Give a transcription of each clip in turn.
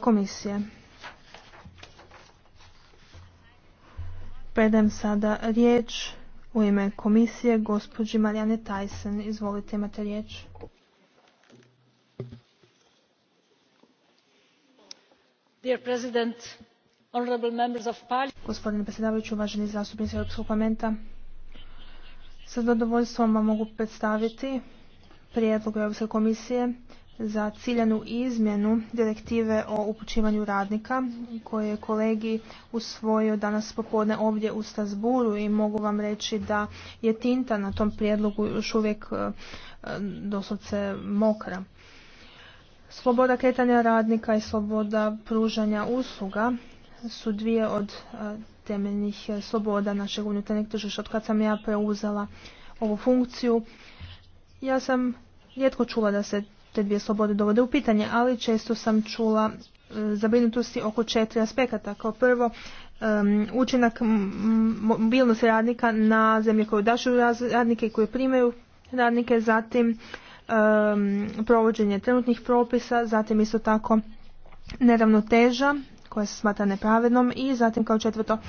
komisije. Predajem sada riječ u ime komisije gospođi Marijane Tyson. Izvolite, imate riječ. Dear President, honorable members of Gospodine predsjedavajući, uvaženi zastupnici Europskog parlamenta, sa zadovoljstvom vam mogu predstaviti prijedlog Europske komisije za ciljanu izmjenu direktive o upućivanju radnika koje je kolegi usvojio danas popodne ovdje u Strasburu i mogu vam reći da je tinta na tom prijedlogu još uvijek e, doslovce mokra. Sloboda kretanja radnika i sloboda pružanja usluga su dvije od e, temeljnih e, sloboda našeg unutarnjeg tržišta. Od kad sam ja preuzela ovu funkciju, ja sam rijetko čula da se te dvije slobode dovode u pitanje, ali često sam čula e, zabrinutosti oko četiri aspekata. Kao prvo, učinak mobilnosti radnika na zemlje koje dašu radnike i koje primaju radnike, zatim provođenje trenutnih propisa, zatim isto tako neravnoteža koja se smatra nepravednom i zatim kao četvrto e,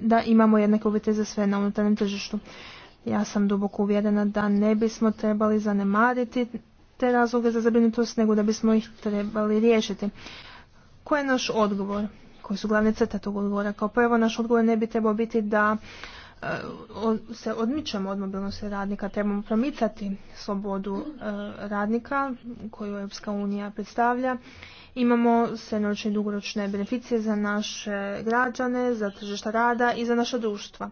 da imamo jednake uvjete za sve na unutarnjem tržištu. Ja sam duboko uvjerena da ne bismo trebali zanemariti te razloge za zabrinutost, nego da bismo ih trebali riješiti. Koji je naš odgovor? Koji su glavne crte tog odgovora? Kao prvo, naš odgovor ne bi trebao biti da e, se odmičemo od mobilnosti radnika, trebamo promicati slobodu e, radnika koju Europska unija predstavlja. Imamo se i dugoročne beneficije za naše građane, za tržišta rada i za naša društva.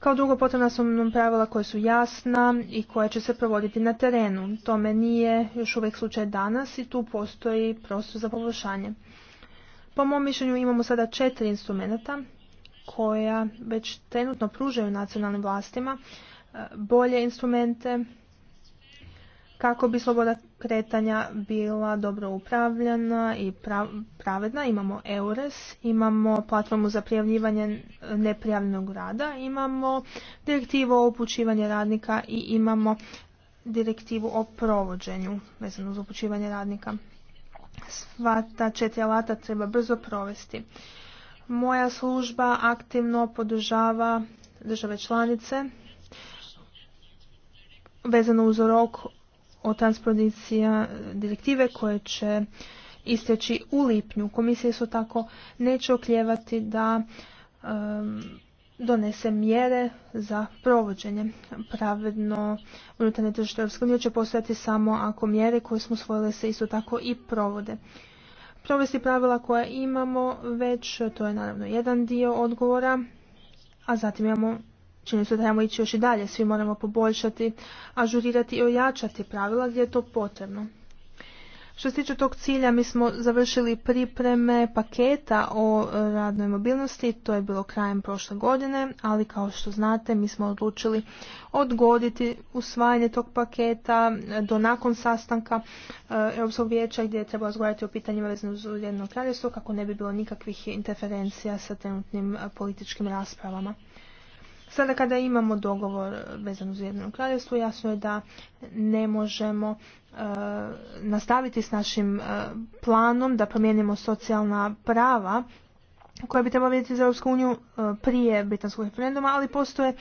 Kao drugo, potrebna su nam pravila koja su jasna i koje će se provoditi na terenu. Tome nije još uvijek slučaj danas i tu postoji prostor za poboljšanje. Po mom mišljenju imamo sada četiri instrumenta koja već trenutno pružaju nacionalnim vlastima eh, bolje instrumente kako bi sloboda kretanja bila dobro upravljena i pravedna. Imamo EURES, imamo platformu za prijavljivanje neprijavljenog rada, imamo direktivu o upućivanju radnika i imamo direktivu o provođenju vezano uz upućivanje radnika. Sva ta četiri alata treba brzo provesti. Moja služba aktivno podržava države članice vezano uz rok o transpozicija direktive koje će isteći u lipnju. Komisija su tako neće okljevati da donese mjere za provođenje. Pravedno unutarnje tržište Europske će postojati samo ako mjere koje smo usvojile se isto tako i provode. Provesti pravila koja imamo već, to je naravno jedan dio odgovora, a zatim imamo čini se da trebamo ići još i dalje, svi moramo poboljšati, ažurirati i ojačati pravila gdje je to potrebno. Što se tiče tog cilja, mi smo završili pripreme paketa o e, radnoj mobilnosti, to je bilo krajem prošle godine, ali kao što znate mi smo odlučili odgoditi usvajanje tog paketa e, do nakon sastanka e, Europskog vijeća gdje je trebalo razgovarati o pitanjima vezano uz jedno kraljevstvo kako ne bi bilo nikakvih interferencija sa trenutnim političkim raspravama. Sada kada imamo dogovor vezan uz jedno kraljevstvo, jasno je da ne možemo e, nastaviti s našim e, planom da promijenimo socijalna prava koja bi trebala vidjeti za Europsku uniju e, prije britanskog referenduma, ali postoje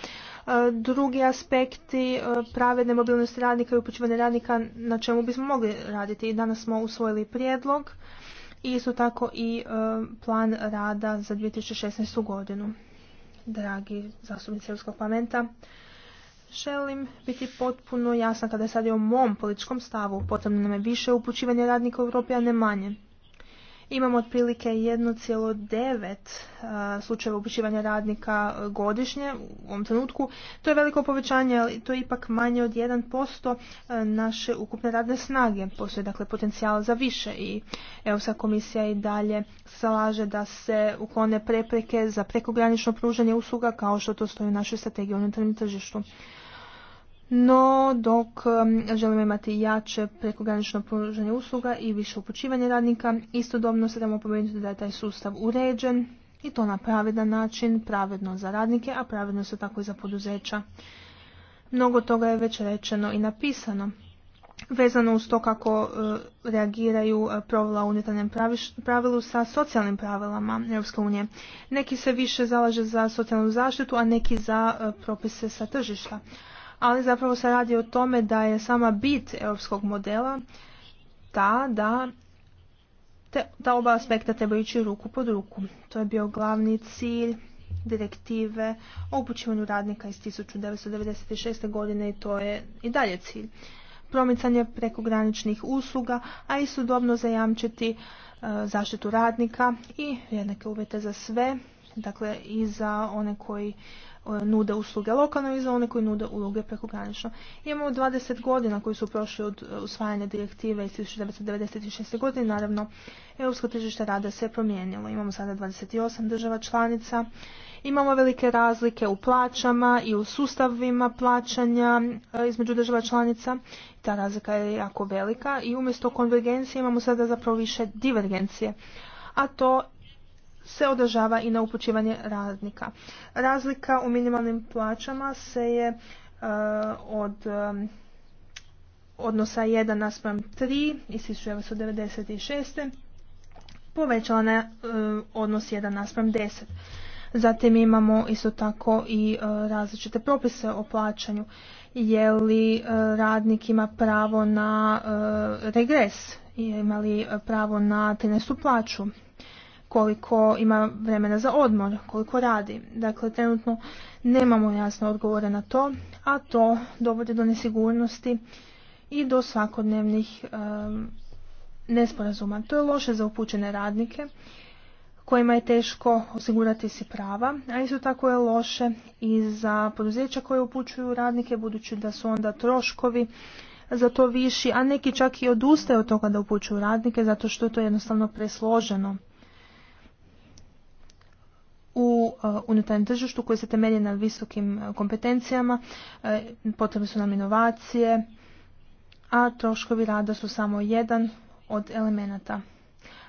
drugi aspekti pravedne mobilnosti radnika i upućivanja radnika na čemu bismo mogli raditi. I danas smo usvojili prijedlog i isto tako i plan rada za 2016. godinu dragi zastupnici Europskog parlamenta. Želim biti potpuno jasna kada je sad o mom političkom stavu. Potrebno nam je više upućivanje radnika u Europi, a ne manje. Imamo otprilike 1,9 uh, slučajeva upućivanja radnika uh, godišnje u ovom trenutku. To je veliko povećanje, ali to je ipak manje od 1% uh, naše ukupne radne snage. Postoje dakle potencijal za više i Europska komisija i dalje salaže da se uklone prepreke za prekogranično pružanje usluga kao što to stoji u našoj strategiji u unutarnjem tržištu. No, dok um, želimo imati jače prekogranično pružanje usluga i više upućivanje radnika, istodobno se damo pomenuti da je taj sustav uređen i to na pravedan način, pravedno za radnike, a pravedno se tako i za poduzeća. Mnogo toga je već rečeno i napisano. Vezano uz to kako uh, reagiraju uh, pravila u unutarnjem pravilu sa socijalnim pravilama EU. Neki se više zalaže za socijalnu zaštitu, a neki za uh, propise sa tržišta ali zapravo se radi o tome da je sama bit europskog modela ta da ta oba aspekta treba ići ruku pod ruku. To je bio glavni cilj direktive o upućivanju radnika iz 1996. godine i to je i dalje cilj. Promicanje prekograničnih usluga, a i sudobno zajamčiti e, zaštitu radnika i jednake uvjete za sve, dakle i za one koji E, nude usluge lokalno i za one koji nude uloge prekogranično. Imamo 20 godina koji su prošli od e, usvajanja direktive iz 1996. godine. Naravno, europsko tržište rada se je promijenilo. Imamo sada 28 država članica. Imamo velike razlike u plaćama i u sustavima plaćanja e, između država članica. Ta razlika je jako velika i umjesto konvergencije imamo sada zapravo više divergencije. A to se održava i na upućivanje radnika. Razlika u minimalnim plaćama se je e, od e, odnosa 1 naspram 3 iz 1996. povećala na e, odnos 1 naspram 10. Zatim imamo isto tako i različite propise o plaćanju. Je li radnik ima pravo na regres? ima li pravo na 13. plaću? koliko ima vremena za odmor, koliko radi. Dakle, trenutno nemamo jasne odgovore na to, a to dovodi do nesigurnosti i do svakodnevnih nesporazuma. To je loše za upućene radnike kojima je teško osigurati si prava, a isto tako je loše i za poduzeća koje upućuju radnike budući da su onda troškovi za to viši, a neki čak i odustaju od toga da upućuju radnike zato što je to jednostavno presloženo u e, unutarnjem tržištu koji se temelji na visokim e, kompetencijama, e, potrebne su nam inovacije, a troškovi rada su samo jedan od elemenata.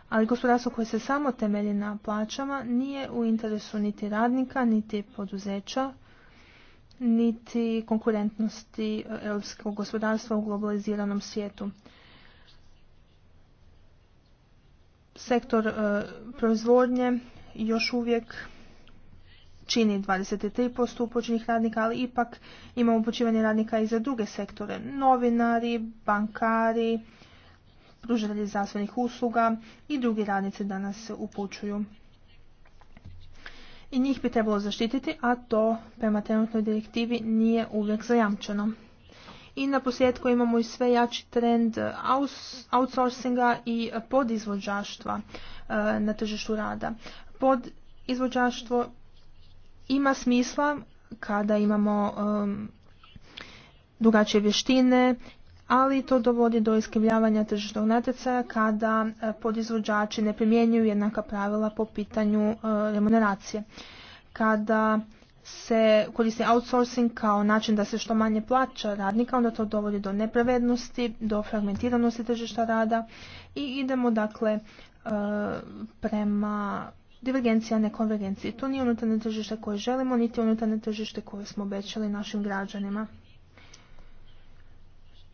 Ali gospodarstvo koje se samo temelji na plaćama nije u interesu niti radnika, niti poduzeća, niti konkurentnosti europskog gospodarstva u globaliziranom svijetu. Sektor proizvodnje još uvijek čini 23% upućenih radnika, ali ipak imamo upućivanje radnika i za druge sektore. Novinari, bankari, pružatelji zdravstvenih usluga i drugi radnici danas se upućuju. I njih bi trebalo zaštititi, a to prema trenutnoj direktivi nije uvijek zajamčeno. I na posljedku imamo i sve jači trend outsourcinga i podizvođaštva e, na tržištu rada. Podizvođaštvo ima smisla kada imamo um, drugačije vještine, ali to dovodi do iskrivljavanja tržišnog natjecaja kada e, podizvođači ne primjenjuju jednaka pravila po pitanju e, remuneracije. Kada se koristi outsourcing kao način da se što manje plaća radnika, onda to dovodi do nepravednosti, do fragmentiranosti tržišta rada i idemo dakle e, prema divergencija, ne konvergencija. To nije unutarnje tržište koje želimo, niti unutarnje tržište koje smo obećali našim građanima.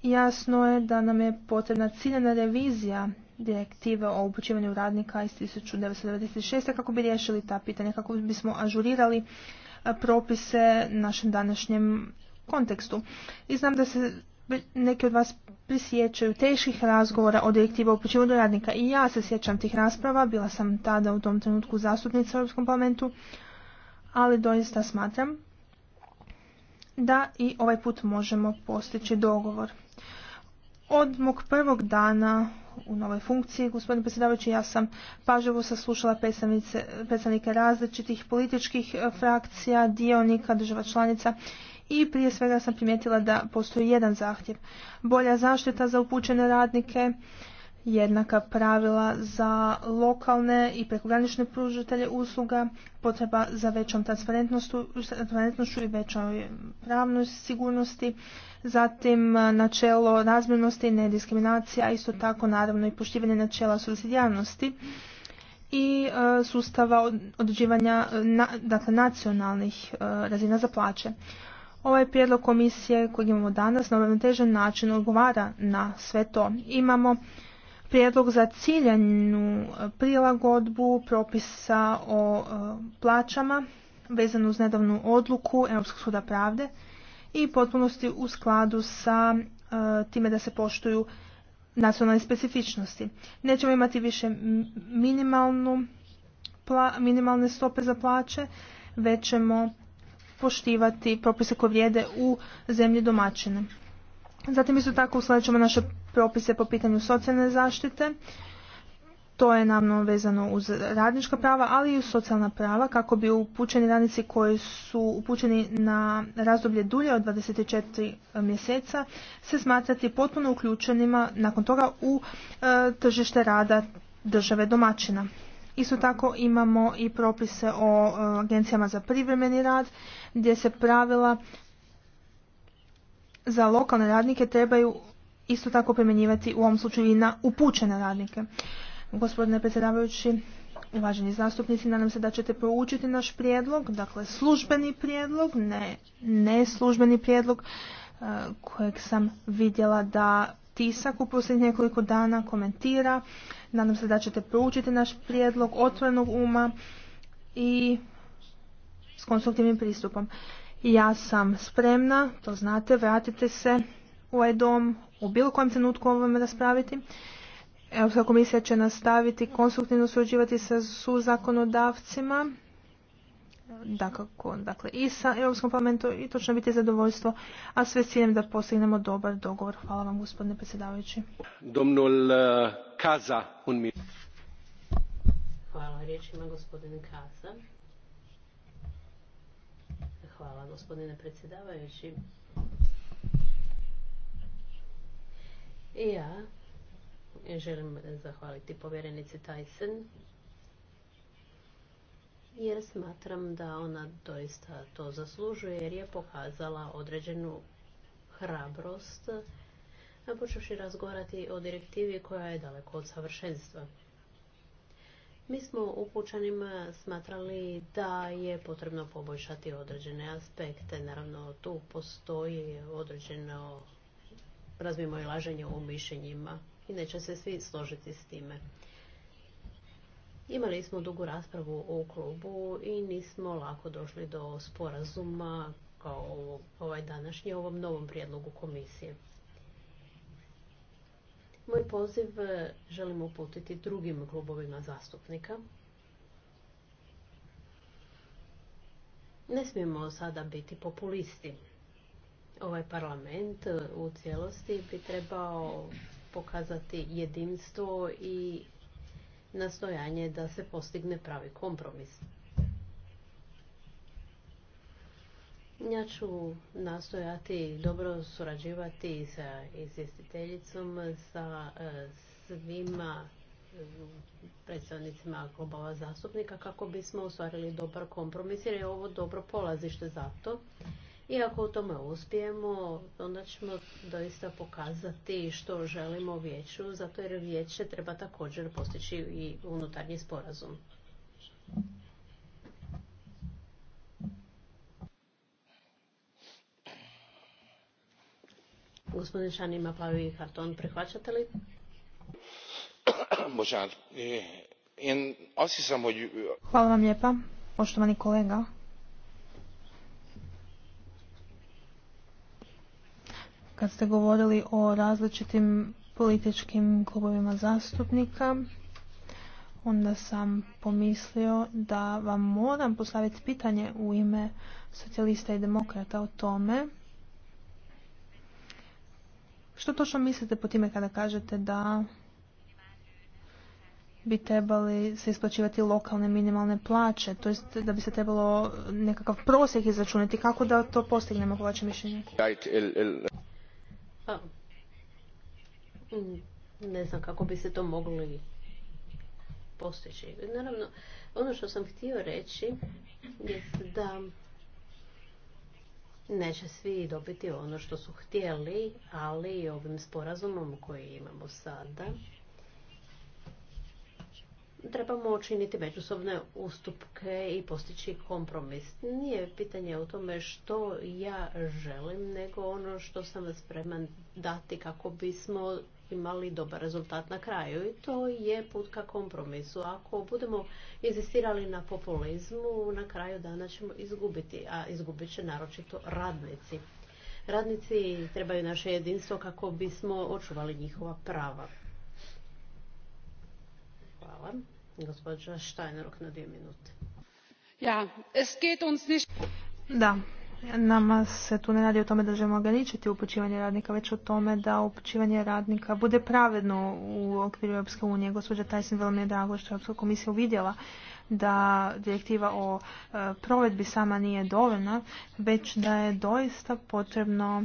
Jasno je da nam je potrebna ciljena revizija direktive o upućivanju radnika iz 1996. kako bi riješili ta pitanja, kako bismo ažurirali propise našem današnjem kontekstu. I znam da se neki od vas prisjećaju teških razgovora o direktivu do radnika i ja se sjećam tih rasprava, bila sam tada u tom trenutku zastupnica u Europskom parlamentu, ali doista smatram da i ovaj put možemo postići dogovor. Od mog prvog dana u novoj funkciji, gospodine predsjedavajući, ja sam pažljivo saslušala predstavnike različitih političkih frakcija, dionika, država članica i prije svega sam primijetila da postoji jedan zahtjev. Bolja zaštita za upućene radnike, jednaka pravila za lokalne i prekogranične pružitelje usluga, potreba za većom transparentnošću i većoj pravnoj sigurnosti, zatim načelo razmjernosti, nediskriminacija, isto tako naravno i poštivanje načela subsidijarnosti i e, sustava određivanja dakle, nacionalnih e, razina za plaće. Ovaj prijedlog komisije koji imamo danas na uravnotežen način odgovara na sve to. Imamo prijedlog za ciljanu prilagodbu propisa o e, plaćama vezanu uz nedavnu odluku Europskog suda pravde i potpunosti u skladu sa e, time da se poštuju nacionalne specifičnosti. Nećemo imati više minimalnu, minimalne stope za plaće, već ćemo poštivati propise koje vrijede u zemlji domaćine. Zatim isto tako uskladit ćemo naše propise po pitanju socijalne zaštite. To je namno vezano uz radnička prava, ali i uz socijalna prava kako bi upućeni radnici koji su upućeni na razdoblje dulje od 24 mjeseca se smatrati potpuno uključenima nakon toga u e, tržište rada države domaćina. Isto tako imamo i propise o e, agencijama za privremeni rad gdje se pravila za lokalne radnike trebaju isto tako primjenjivati u ovom slučaju i na upućene radnike. Gospodine predsjedavajući, uvaženi zastupnici, nadam se da ćete proučiti naš prijedlog, dakle službeni prijedlog, ne, ne službeni prijedlog e, kojeg sam vidjela da tisak u posljednjih nekoliko dana komentira. Nadam se da ćete proučiti naš prijedlog otvorenog uma i s konstruktivnim pristupom. Ja sam spremna, to znate, vratite se u ovaj dom u bilo kojem trenutku ovom raspraviti. Europska komisija će nastaviti konstruktivno surađivati sa su dakako, dakle, i sa Europskom parlamentu i to će biti zadovoljstvo, a sve s ciljem da postignemo dobar dogovor. Hvala vam, gospodine predsjedavajući. Domnul eh, Kaza, un Hvala, riječ ima gospodin Kaza. Hvala, gospodine predsjedavajući. I ja želim zahvaliti povjerenici Tyson jer smatram da ona doista to zaslužuje jer je pokazala određenu hrabrost počeši razgovarati o direktivi koja je daleko od savršenstva. Mi smo u kućanima smatrali da je potrebno poboljšati određene aspekte. Naravno, tu postoji određeno razmimo i laženje u mišljenjima i neće se svi složiti s time. Imali smo dugu raspravu u klubu i nismo lako došli do sporazuma kao ovaj današnji ovom novom prijedlogu komisije. Moj poziv e, želimo uputiti drugim klubovima zastupnika. Ne smijemo sada biti populisti. Ovaj parlament e, u cijelosti bi trebao pokazati jedinstvo i nastojanje da se postigne pravi kompromis. Ja ću nastojati dobro surađivati sa izvjestiteljicom, sa e, svima e, predstavnicima klubova zastupnika kako bismo ostvarili dobar kompromis jer je ovo dobro polazište za i ako u tome uspijemo, onda ćemo doista pokazati što želimo vijeću, zato jer vijeće treba također postići i unutarnji sporazum. Gospodin Šan ima plavi karton, prihvaćate li? Eh, Hvala vam lijepa, poštovani kolega. kad ste govorili o različitim političkim klubovima zastupnika, onda sam pomislio da vam moram postaviti pitanje u ime socijalista i demokrata o tome što točno mislite po time kada kažete da bi trebali se isplaćivati lokalne minimalne plaće, to jest da bi se trebalo nekakav prosjek izračunati kako da to postignemo po vašem mišljenju? Pa, ne znam kako bi se to mogli postići. Naravno, ono što sam htio reći je da neće svi dobiti ono što su htjeli, ali ovim sporazumom koji imamo sada trebamo učiniti međusobne ustupke i postići kompromis. Nije pitanje o tome što ja želim, nego ono što sam spreman dati kako bismo imali dobar rezultat na kraju. I to je put ka kompromisu. Ako budemo insistirali na populizmu, na kraju dana ćemo izgubiti, a izgubit će naročito radnici. Radnici trebaju naše jedinstvo kako bismo očuvali njihova prava. Hvala. Da, Nama se tu ne radi o tome da želimo ograničiti upućivanje radnika, već o tome da upućivanje radnika bude pravedno u okviru Europske unije. Gospođa Tyson, vrlo mi je drago što je Europska komisija uvidjela da direktiva o e, provedbi sama nije dovoljna, već da je doista potrebno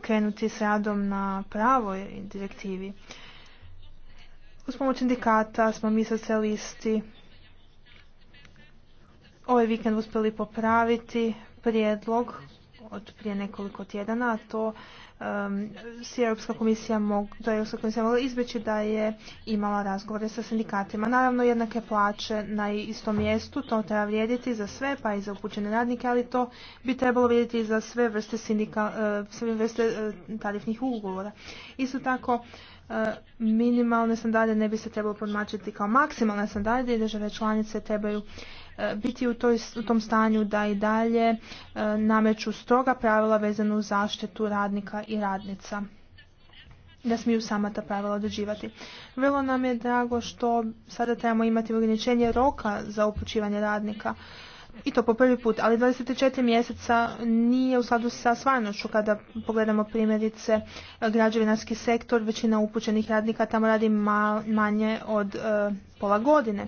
krenuti s radom na pravoj direktivi. Uz pomoć sindikata smo mi socijalisti ovaj vikend uspjeli popraviti prijedlog od prije nekoliko tjedana, a to Europska komisija mog, je komisija mogla izbjeći da je imala razgovore sa sindikatima. Naravno, jednake plaće na istom mjestu, to treba vrijediti za sve, pa i za upućene radnike, ali to bi trebalo vrijediti za sve vrste, sindika, sve vrste e, tarifnih ugovora. Isto tako, minimalne standarde ne bi se trebalo podmačiti kao maksimalne standarde i države članice trebaju e, biti u, toj, u tom stanju da i dalje e, nameću stroga pravila vezanu uz zaštitu radnika i radnica da smiju sama ta pravila određivati. Vrlo nam je drago što sada trebamo imati ograničenje roka za upućivanje radnika i to po prvi put, ali 24 mjeseca nije u sladu sa stvarnošću kada pogledamo primjerice e, građevinarski sektor, većina upućenih radnika tamo radi manje od e, pola godine.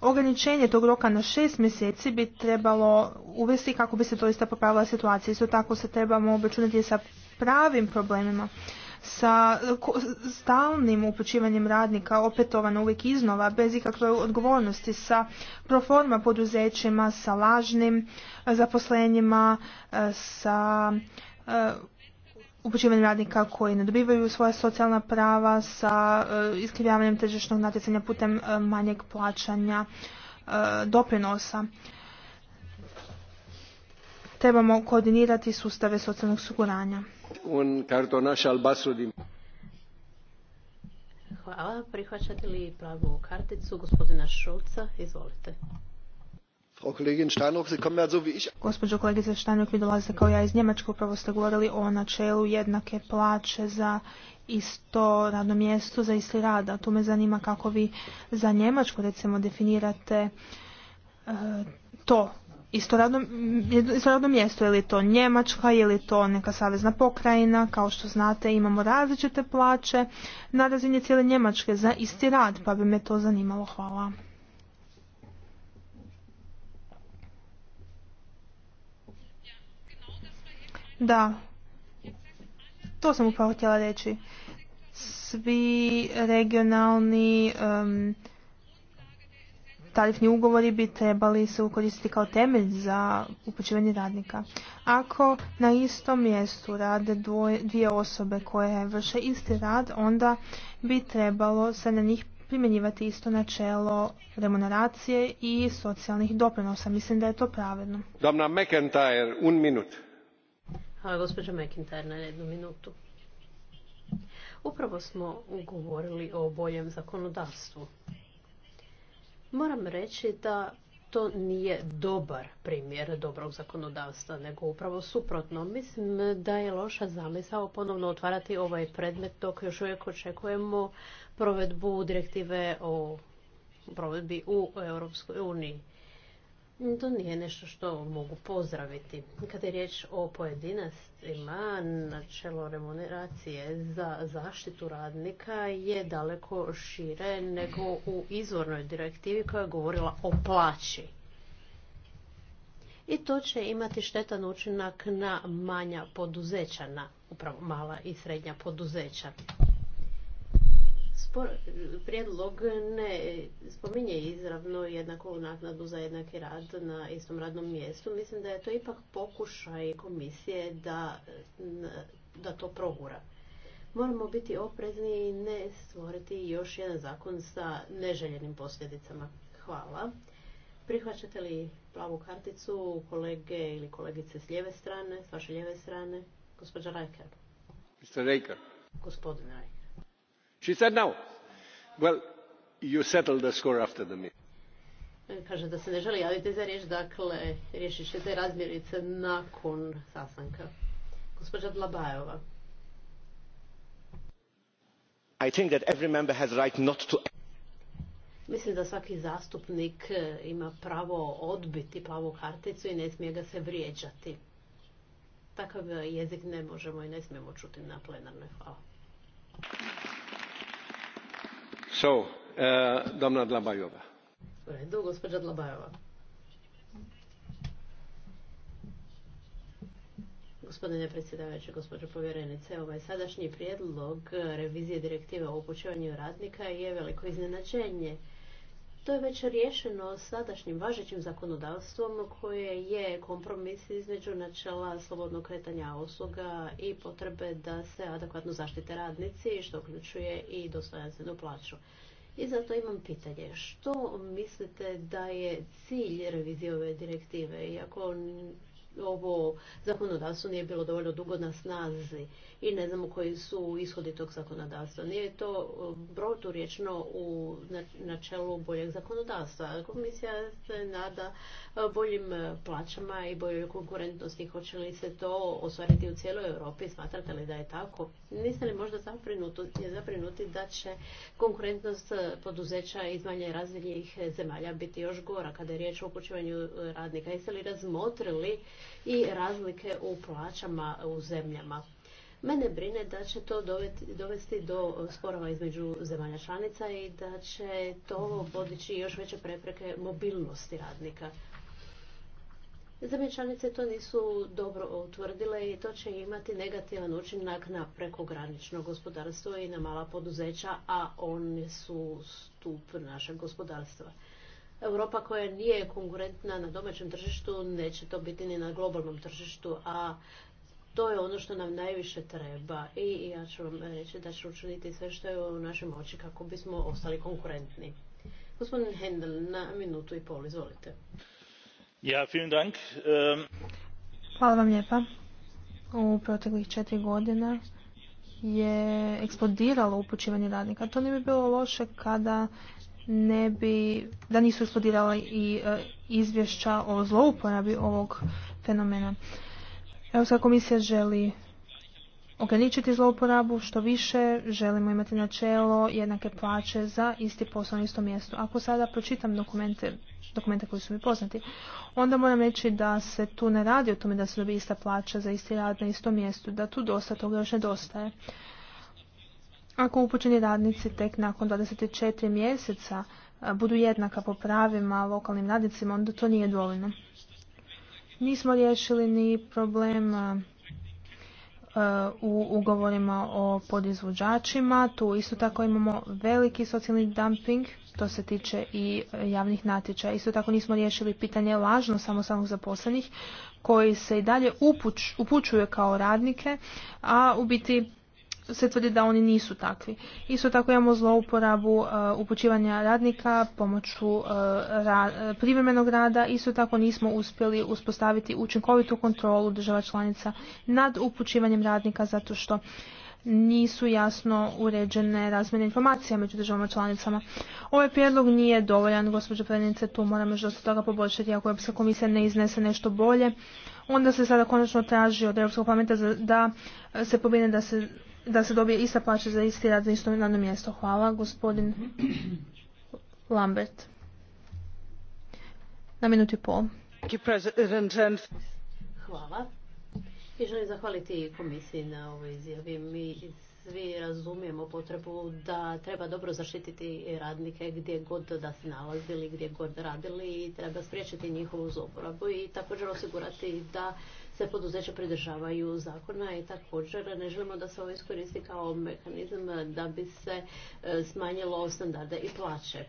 Ograničenje tog roka na šest mjeseci bi trebalo uvesti kako bi se doista popravila situacija. Isto tako se trebamo obračunati sa pravim problemima sa stalnim upućivanjem radnika opetovano uvijek iznova bez ikakve odgovornosti sa proforma poduzećima, sa lažnim e, zaposlenjima, e, sa e, upućivanjem radnika koji ne dobivaju svoja socijalna prava, sa iskrivljavanjem tržišnog natjecanja putem manjeg plaćanja doprinosa trebamo koordinirati sustave socijalnog osiguranja. Hvala. Prihvaćate li plavu karticu gospodina Šulca? Izvolite. Gospođo kolegice vi dolazite kao ja iz Njemačke, upravo ste govorili o načelu jednake plaće za isto radno mjesto, za isti rad. A tu me zanima kako vi za Njemačku recimo definirate eh, to isto radno, isto radno mjesto. Je li to Njemačka, je li to neka savezna pokrajina, kao što znate imamo različite plaće na razini cijele Njemačke za isti rad, pa bi me to zanimalo. Hvala. Da, to sam upravo htjela reći. Svi regionalni tarifni ugovori bi trebali se ukoristiti kao temelj za upućivanje radnika. Ako na istom mjestu rade dvije osobe koje vrše isti rad, onda bi trebalo se na njih primjenjivati isto načelo remuneracije i socijalnih doprinosa. Mislim da je to pravedno. Domna McIntyre, un minut. Hvala McIntyre na jednu minutu. Upravo smo ugovorili o boljem zakonodavstvu. Moram reći da to nije dobar primjer dobrog zakonodavstva, nego upravo suprotno. Mislim da je loša zamisao ponovno otvarati ovaj predmet dok još uvijek očekujemo provedbu direktive o provedbi u Europskoj uniji to nije nešto što mogu pozdraviti. Kada je riječ o pojedinostima, načelo remuneracije za zaštitu radnika je daleko šire nego u izvornoj direktivi koja je govorila o plaći. I to će imati štetan učinak na manja poduzeća, na upravo mala i srednja poduzeća prijedlog ne spominje izravno jednako naknadu za jednaki rad na istom radnom mjestu. Mislim da je to ipak pokušaj komisije da, da to progura. Moramo biti oprezni i ne stvoriti još jedan zakon sa neželjenim posljedicama. Hvala. Prihvaćate li plavu karticu kolege ili kolegice s lijeve strane, s vaše lijeve strane? Gospođa Rajker. Gospodin She said no. Well, you settle the score after the meeting. E, kaže da se ne želi javiti za riječ, dakle, riješit ćete razmjerice nakon sastanka. Gospođa Dlabajova. I think that every member has right not to... Mislim da svaki zastupnik e, ima pravo odbiti plavu karticu i ne smije ga se vrijeđati. Takav jezik ne možemo i ne smijemo čuti na plenarnoj. Hvala. Uh, Gospodine predsjedavajući, gospođo povjerenice, ovaj sadašnji prijedlog revizije direktive o upućivanju radnika je veliko iznenađenje. To je već riješeno sadašnjim važećim zakonodavstvom koje je kompromis između načela slobodnog kretanja usluga i potrebe da se adekvatno zaštite radnici, što uključuje i dostojanstvenu plaću. I zato imam pitanje, što mislite da je cilj revizije ove direktive? Iako ovo zakonodavstvo nije bilo dovoljno dugo na snazi i ne znamo koji su ishodi tog zakonodavstva. Nije to eh, riječno u načelu boljeg zakonodavstva. Komisija se nada eh, boljim eh, plaćama i boljoj konkurentnosti. Hoće li se to ostvariti u cijeloj Europi? Smatrate li da je tako? Niste li možda zaprinuti da će konkurentnost poduzeća iz manje razvijenih zemalja biti još gora kada je riječ o upućivanju radnika? Jeste li razmotrili i razlike u plaćama u zemljama. Mene brine da će to dovesti do sporova između zemalja članica i da će to podići još veće prepreke mobilnosti radnika. Zemlje članice to nisu dobro utvrdile i to će imati negativan učinak na prekogranično gospodarstvo i na mala poduzeća, a oni su stup našeg gospodarstva. Europa koja nije konkurentna na domaćem tržištu neće to biti ni na globalnom tržištu, a to je ono što nam najviše treba i ja ću vam reći da ću učiniti sve što je u našoj moći kako bismo ostali konkurentni. Gospodin Hendel, na minutu i pol, izvolite. Ja, vielen dank. Ehm, Hvala vam lijepa. U proteklih četiri godina je eksplodiralo upućivanje radnika. To ne bi bilo loše kada ne bi, da nisu studirala i e, izvješća o zlouporabi ovog fenomena. Europska komisija želi ograničiti zlouporabu, što više želimo imati načelo jednake plaće za isti posao na istom mjestu. Ako sada pročitam dokumente, dokumente koji su mi poznati, onda moram reći da se tu ne radi o tome da se dobi ista plaća za isti rad na istom mjestu, da tu dosta toga još nedostaje. Ako upućeni radnici tek nakon 24 mjeseca e, budu jednaka po pravima lokalnim radnicima, onda to nije dovoljno. Nismo riješili ni problem e, e, u ugovorima o podizvođačima. Tu isto tako imamo veliki socijalni dumping, to se tiče i javnih natječaja. Isto tako nismo riješili pitanje lažno samo samog zaposlenih koji se i dalje upućuje kao radnike, a u biti se tvrdi da oni nisu takvi. Isto tako imamo zlouporabu e, upućivanja radnika pomoću uh, privremenog rada. Isto tako nismo uspjeli uspostaviti učinkovitu kontrolu država članica nad upućivanjem radnika zato što nisu jasno uređene razmjene informacija među državama članicama. Ovaj prijedlog nije dovoljan, gospođo predsjednice, tu moramo još dosta toga poboljšati. Ako Europska komisija ne iznese nešto bolje, onda se sada konačno traži od Europskog parlamenta da se pobine da se da se dobije ista plaća za isti rad za isto radno mjesto. Hvala, gospodin Lambert. Na minutu i pol. Hvala. I želim zahvaliti komisiji na ovoj izjavi. Mi svi razumijemo potrebu da treba dobro zaštititi radnike gdje god da se nalazili, gdje god radili i treba spriječiti njihovu zloporabu i također osigurati da se poduzeća pridržavaju zakona i također ne želimo da se ovo iskoristi kao mehanizam da bi se e, smanjilo standarde i plaće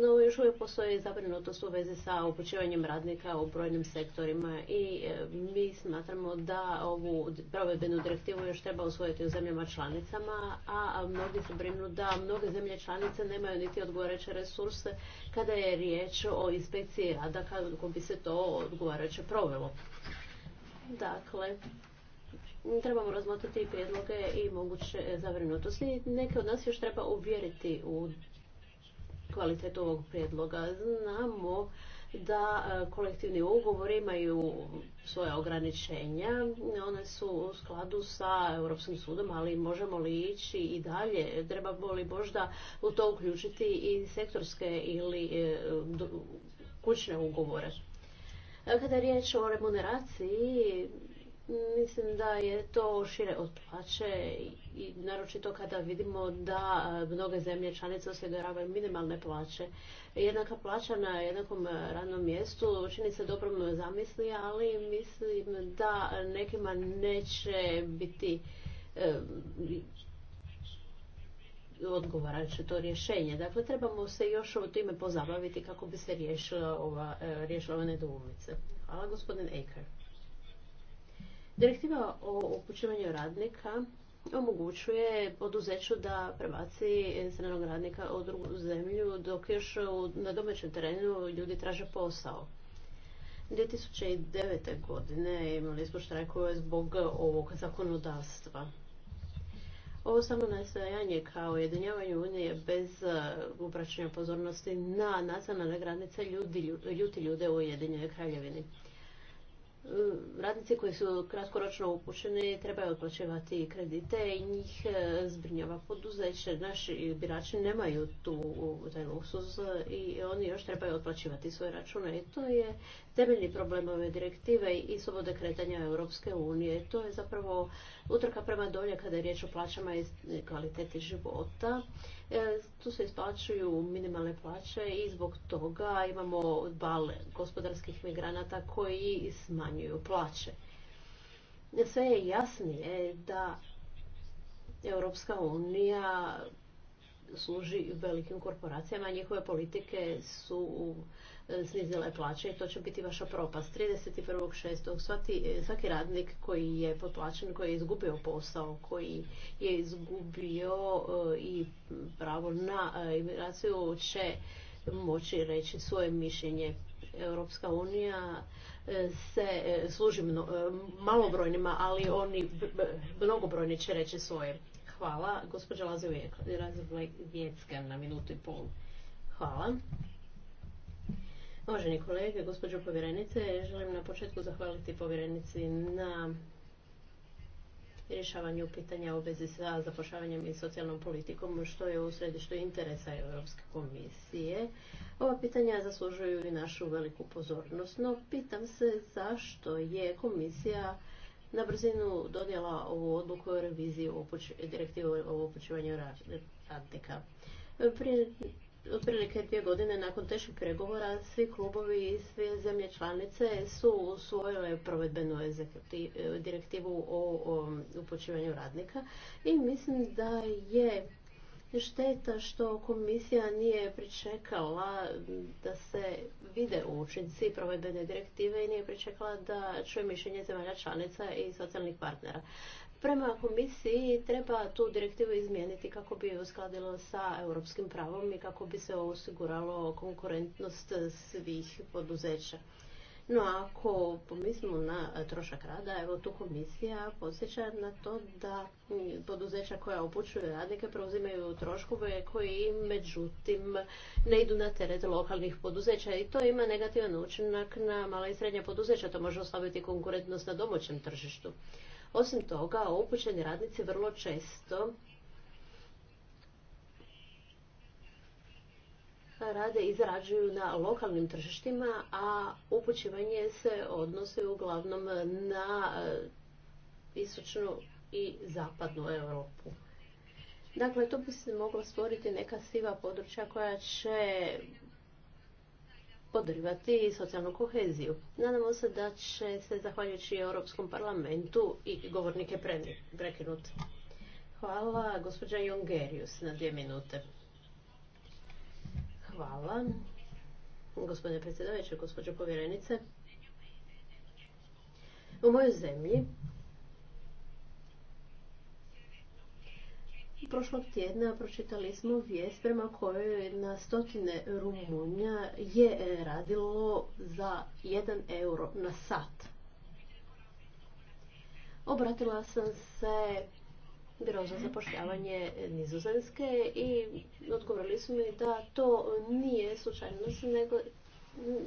no još uvijek postoji zabrinutost u vezi sa upućivanjem radnika u brojnim sektorima i e, mi smatramo da ovu provedbenu direktivu još treba usvojiti u zemljama članicama, a mnogi se brinu da mnoge zemlje članice nemaju niti odgovarajuće resurse kada je riječ o inspekciji rada kako bi se to odgovarajuće provelo. Dakle, trebamo razmotriti prijedloge i moguće e, zabrinutosti. Neke od nas još treba uvjeriti u kvalitetu ovog prijedloga. Znamo da e, kolektivni ugovori imaju svoja ograničenja. One su u skladu sa Europskim sudom, ali možemo li ići i dalje? Treba li možda u to uključiti i sektorske ili e, kućne ugovore? E, kada je riječ o remuneraciji, Mislim da je to šire od plaće i naročito kada vidimo da e, mnoge zemlje članice osiguravaju minimalne plaće. Jednaka plaća na jednakom e, radnom mjestu čini se dobro zamisli, ali mislim da nekima neće biti e, odgovarajuće to rješenje. Dakle, trebamo se još o time pozabaviti kako bi se riješila ova, riješila Hvala gospodin Eker. Direktiva o upućivanju radnika omogućuje poduzeću da prebaci stranog radnika u drugu zemlju dok još na domaćem terenu ljudi traže posao. 2009. godine imali smo štrajkove zbog ovog zakonodavstva. Ovo samo nastajanje kao ujedinjavanje Unije bez upraćenja e, pozornosti na nacionalne granice ljudi, ljuti ljude u Ujedinjenoj kraljevini. E, radnici koji su kratkoročno upućeni trebaju otplaćivati kredite i njih e, zbrinjava poduzeće. Naši birači nemaju tu taj luksuz i oni još trebaju otplaćivati svoje račune i to je temeljni problem ove direktive i slobode kretanja Europske unije. To je zapravo utrka prema dolje kada je riječ o plaćama i kvaliteti života. E, tu se isplaćuju minimalne plaće i zbog toga imamo bal gospodarskih migranata koji smanjuju plaće. Sve je jasnije da Europska unija služi velikim korporacijama, njihove politike su e, snizile plaće i to će biti vaša propast. 31.6. Svaki, e, svaki radnik koji je potplaćen, koji je izgubio posao, koji je izgubio e, i pravo na imigraciju će moći reći svoje mišljenje. Europska unija se služi malobrojnima, ali oni mnogobrojni će reći svoje. Hvala. Gospođa Lazovjecka na minutu i pol. Hvala. Uvaženi kolege, gospođo povjerenice, želim na početku zahvaliti povjerenici na rješavanju pitanja u vezi sa zapošljavanjem i socijalnom politikom, što je u središtu interesa Europske komisije. Ova pitanja zaslužuju i našu veliku pozornost, no pitam se zašto je komisija na brzinu donijela ovu odluku o reviziji direktive o upućivanju radnika. Prije otprilike dvije godine nakon teških pregovora svi klubovi i sve zemlje članice su usvojile provedbenu direktivu o upućivanju radnika i mislim da je šteta što komisija nije pričekala da se vide učinci provedbene direktive i nije pričekala da čuje mišljenje zemalja članica i socijalnih partnera. Prema komisiji treba tu direktivu izmijeniti kako bi je uskladilo sa europskim pravom i kako bi se osiguralo konkurentnost svih poduzeća. No ako pomislimo na e, trošak rada, evo tu komisija posjeća na to da mm, poduzeća koja upućuju radnike preuzimaju troškove koji međutim ne idu na teret lokalnih poduzeća i to ima negativan učinak na mala i srednja poduzeća, to može ostaviti konkurentnost na domaćem tržištu. Osim toga, upućeni radnici vrlo često rade izrađuju na lokalnim tržištima, a upućivanje se odnosi uglavnom na e, istočnu i zapadnu Europu. Dakle, to bi se moglo stvoriti neka siva područja koja će podrivati socijalnu koheziju. Nadamo se da će se, zahvaljujući Europskom parlamentu, i govornike prekinuti. Hvala, gospođa Jongerius, na dvije minute. Hvala. Gospodine predsjedavajući, gospođo povjerenice. U mojoj zemlji prošlog tjedna pročitali smo vijest prema kojoj na stotine Rumunja je radilo za 1 euro na sat. Obratila sam se Biro za zapošljavanje nizozemske i odgovorili su mi da to nije slučajno nego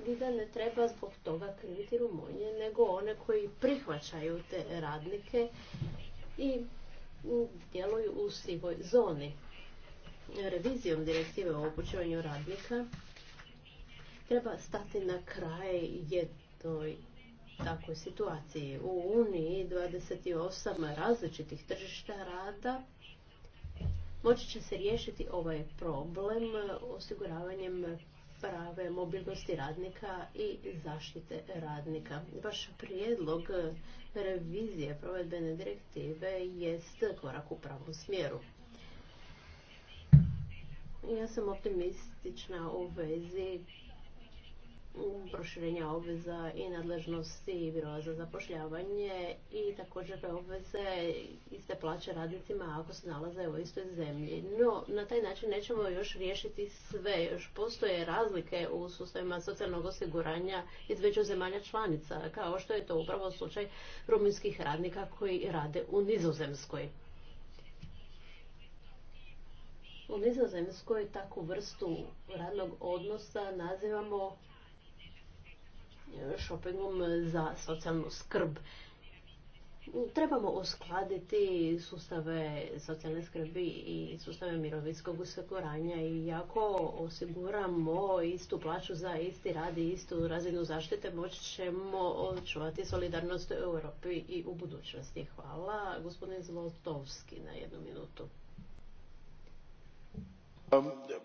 i da ne treba zbog toga kriviti Rumunije, nego one koji prihvaćaju te radnike i djeluju u sivoj zoni. Revizijom direktive o upućivanju radnika treba stati na kraj jednoj takvoj situaciji. U Uniji 28 različitih tržišta rada moći će se riješiti ovaj problem osiguravanjem prave mobilnosti radnika i zaštite radnika. Vaš prijedlog revizije provedbene direktive jest korak u pravom smjeru. Ja sam optimistična u vezi proširenja obveza i nadležnosti biroa za zapošljavanje i također obveze iste plaće radnicima ako se nalaze u istoj zemlji. No, na taj način nećemo još riješiti sve. Još postoje razlike u sustavima socijalnog osiguranja između zemalja članica, kao što je to upravo slučaj rumunjskih radnika koji rade u Nizozemskoj. U Nizozemskoj takvu vrstu radnog odnosa nazivamo šopingom e, za socijalnu skrb. Trebamo uskladiti sustave socijalne skrbi i sustave mirovinskog osiguranja i ako osiguramo istu plaću za isti rad i istu razinu zaštite, moći ćemo očuvati solidarnost u Europi i u budućnosti. Hvala. Gospodin Zvoltovski, na jednu minutu.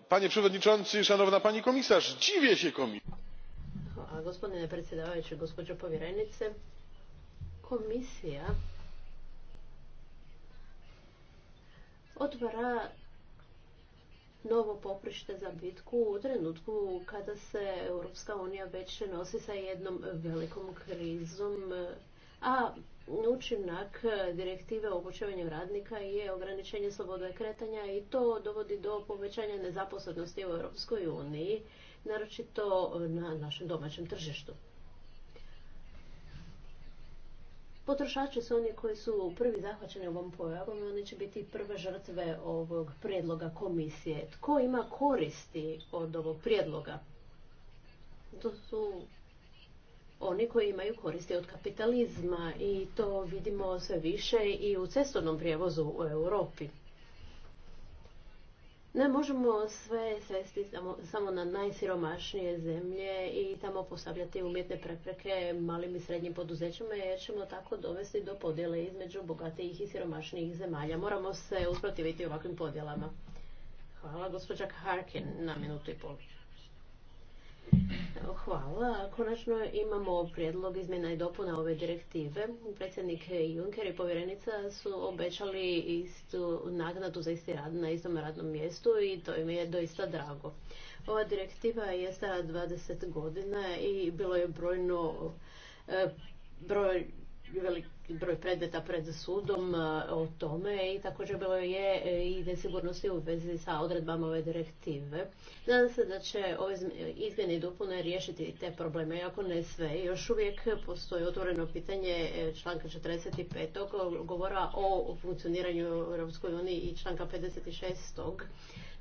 Panie przewodniczący, szanowna pani komisarz, dziwię się komisji gospodine predsjedavajući, gospođo povjerenice. Komisija otvara novo poprište za bitku u trenutku kada se Europska unija već nosi sa jednom velikom krizom, a učinak direktive o obučavanju radnika je ograničenje slobode kretanja i to dovodi do povećanja nezaposlenosti u Europskoj uniji naročito e, na našem domaćem tržištu. Potrošači su oni koji su prvi zahvaćeni ovom pojavom i oni će biti prve žrtve ovog prijedloga komisije. Tko ima koristi od ovog prijedloga? To su oni koji imaju koristi od kapitalizma i to vidimo sve više i u cestovnom prijevozu u Europi. Ne možemo sve svesti samo, samo na najsiromašnije zemlje i tamo postavljati umjetne prepreke malim i srednjim poduzećima jer ćemo tako dovesti do podjele između bogatijih i siromašnijih zemalja. Moramo se usprotiviti ovakvim podjelama. Hvala gospođa Harkin na minutu i pol. Hvala. Konačno imamo prijedlog izmjena i dopuna ove direktive. Predsjednik Juncker i povjerenica su obećali istu nagradu za isti rad na istom radnom mjestu i to im je doista drago. Ova direktiva je stara 20 godina i bilo je brojno e, broj, velik, broj predmeta pred sudom e, o tome i također bilo je e, i nesigurnosti u vezi sa odredbama ove direktive. Nadam se da će ove izmjene i dopune riješiti te probleme, ako ne sve. Još uvijek postoji otvoreno pitanje e, članka 45. govora o funkcioniranju Europskoj uniji i članka 56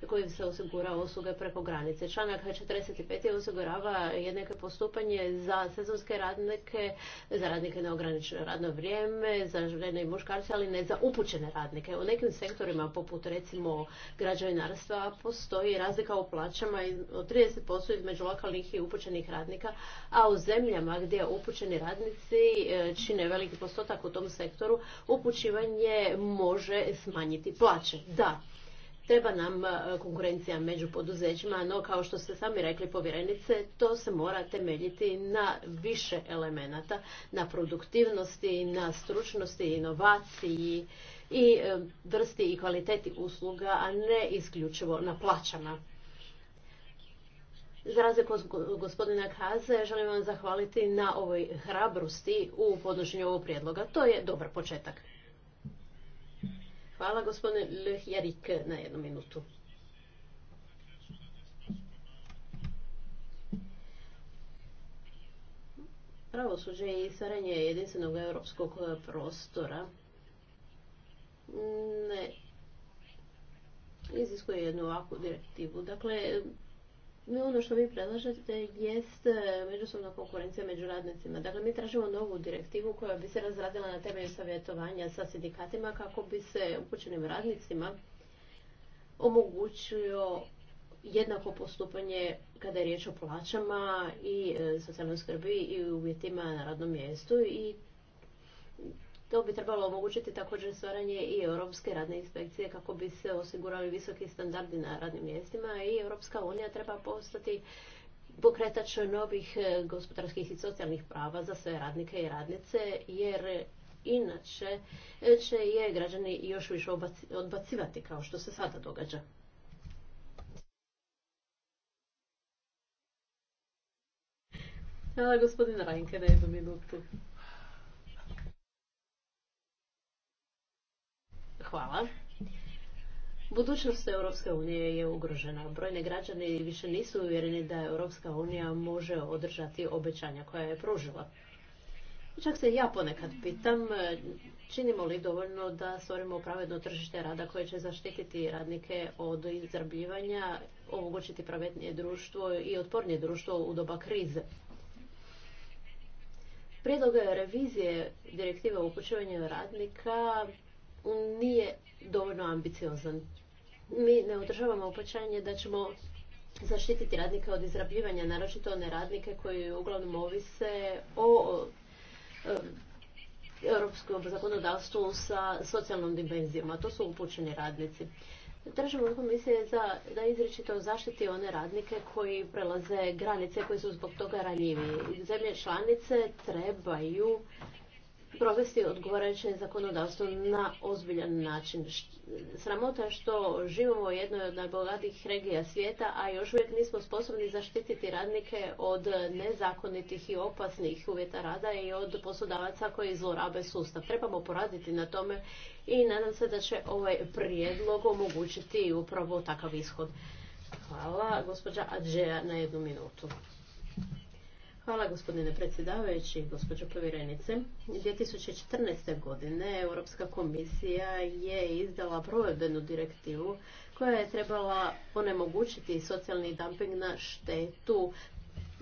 kojim se osigura usluge preko granice. Članak 45. osigurava jednake postupanje za sezonske radnike, za radnike na ograničeno radno vrijeme, za žene i muškarce, ali ne za upućene radnike. U nekim sektorima, poput recimo građevinarstva, postoji razlika u plaćama od 30% između lokalnih i upućenih radnika, a u zemljama gdje upućeni radnici e, čine veliki postotak u tom sektoru, upućivanje može smanjiti plaće. Da, Treba nam e, konkurencija među poduzećima, no kao što ste sami rekli povjerenice, to se mora temeljiti na više elemenata, na produktivnosti, na stručnosti, inovaciji i e, vrsti i kvaliteti usluga, a ne isključivo na plaćama. Za razliku od gospodina Kaze, želim vam zahvaliti na ovoj hrabrosti u podnošenju ovog prijedloga. To je dobar početak. Hvala gospodine Lehjarik na jednu minutu. Pravosuđe i stvaranje jedinstvenog europskog prostora ne iziskuje jednu ovakvu direktivu. Dakle, ono što vi predlažete jest e, međusobna konkurencija među radnicima. Dakle, mi tražimo novu direktivu koja bi se razradila na temelju savjetovanja sa sindikatima kako bi se upućenim radnicima omogućio jednako postupanje kada je riječ o plaćama i e, socijalnoj skrbi i uvjetima na radnom mjestu i to bi trebalo omogućiti također stvaranje i Europske radne inspekcije kako bi se osigurali visoki standardi na radnim mjestima i Europska unija treba postati pokretač novih e, gospodarskih i socijalnih prava za sve radnike i radnice, jer inače e, će je građani još više odbacivati kao što se sada događa. Hvala gospodin Rajnke na jednu minutu. Hvala. Budućnost Europske unije je ugrožena. Brojne građani više nisu uvjereni da Europska unija može održati obećanja koja je pružila. Čak se ja ponekad pitam, činimo li dovoljno da stvorimo pravedno tržište rada koje će zaštititi radnike od izrabljivanja, omogućiti pravednije društvo i otpornije društvo u doba krize. Prijedlog revizije direktive o upućivanju radnika nije dovoljno ambiciozan. Mi ne održavamo upočajanje da ćemo zaštititi radnike od izrabljivanja, naročito one radnike koji uglavnom ovise o europskom zakonodavstvu sa socijalnom dimenzijom, a to su upućeni radnici. Držimo od komisije za, da izričito zaštiti one radnike koji prelaze granice koji su zbog toga ranjivi. Zemlje članice trebaju provesti odgovarajuće zakonodavstvo na ozbiljan način. Sramota što živimo u jednoj od najbogatijih regija svijeta, a još uvijek nismo sposobni zaštititi radnike od nezakonitih i opasnih uvjeta rada i od poslodavaca koji zlorabe sustav. Trebamo poraditi na tome i nadam se da će ovaj prijedlog omogućiti upravo takav ishod. Hvala, gospođa Adžeja, na jednu minutu. Hvala gospodine predsjedavajući, gospođo povjerenice. 2014. godine Europska komisija je izdala provedbenu direktivu koja je trebala onemogućiti socijalni dumping na štetu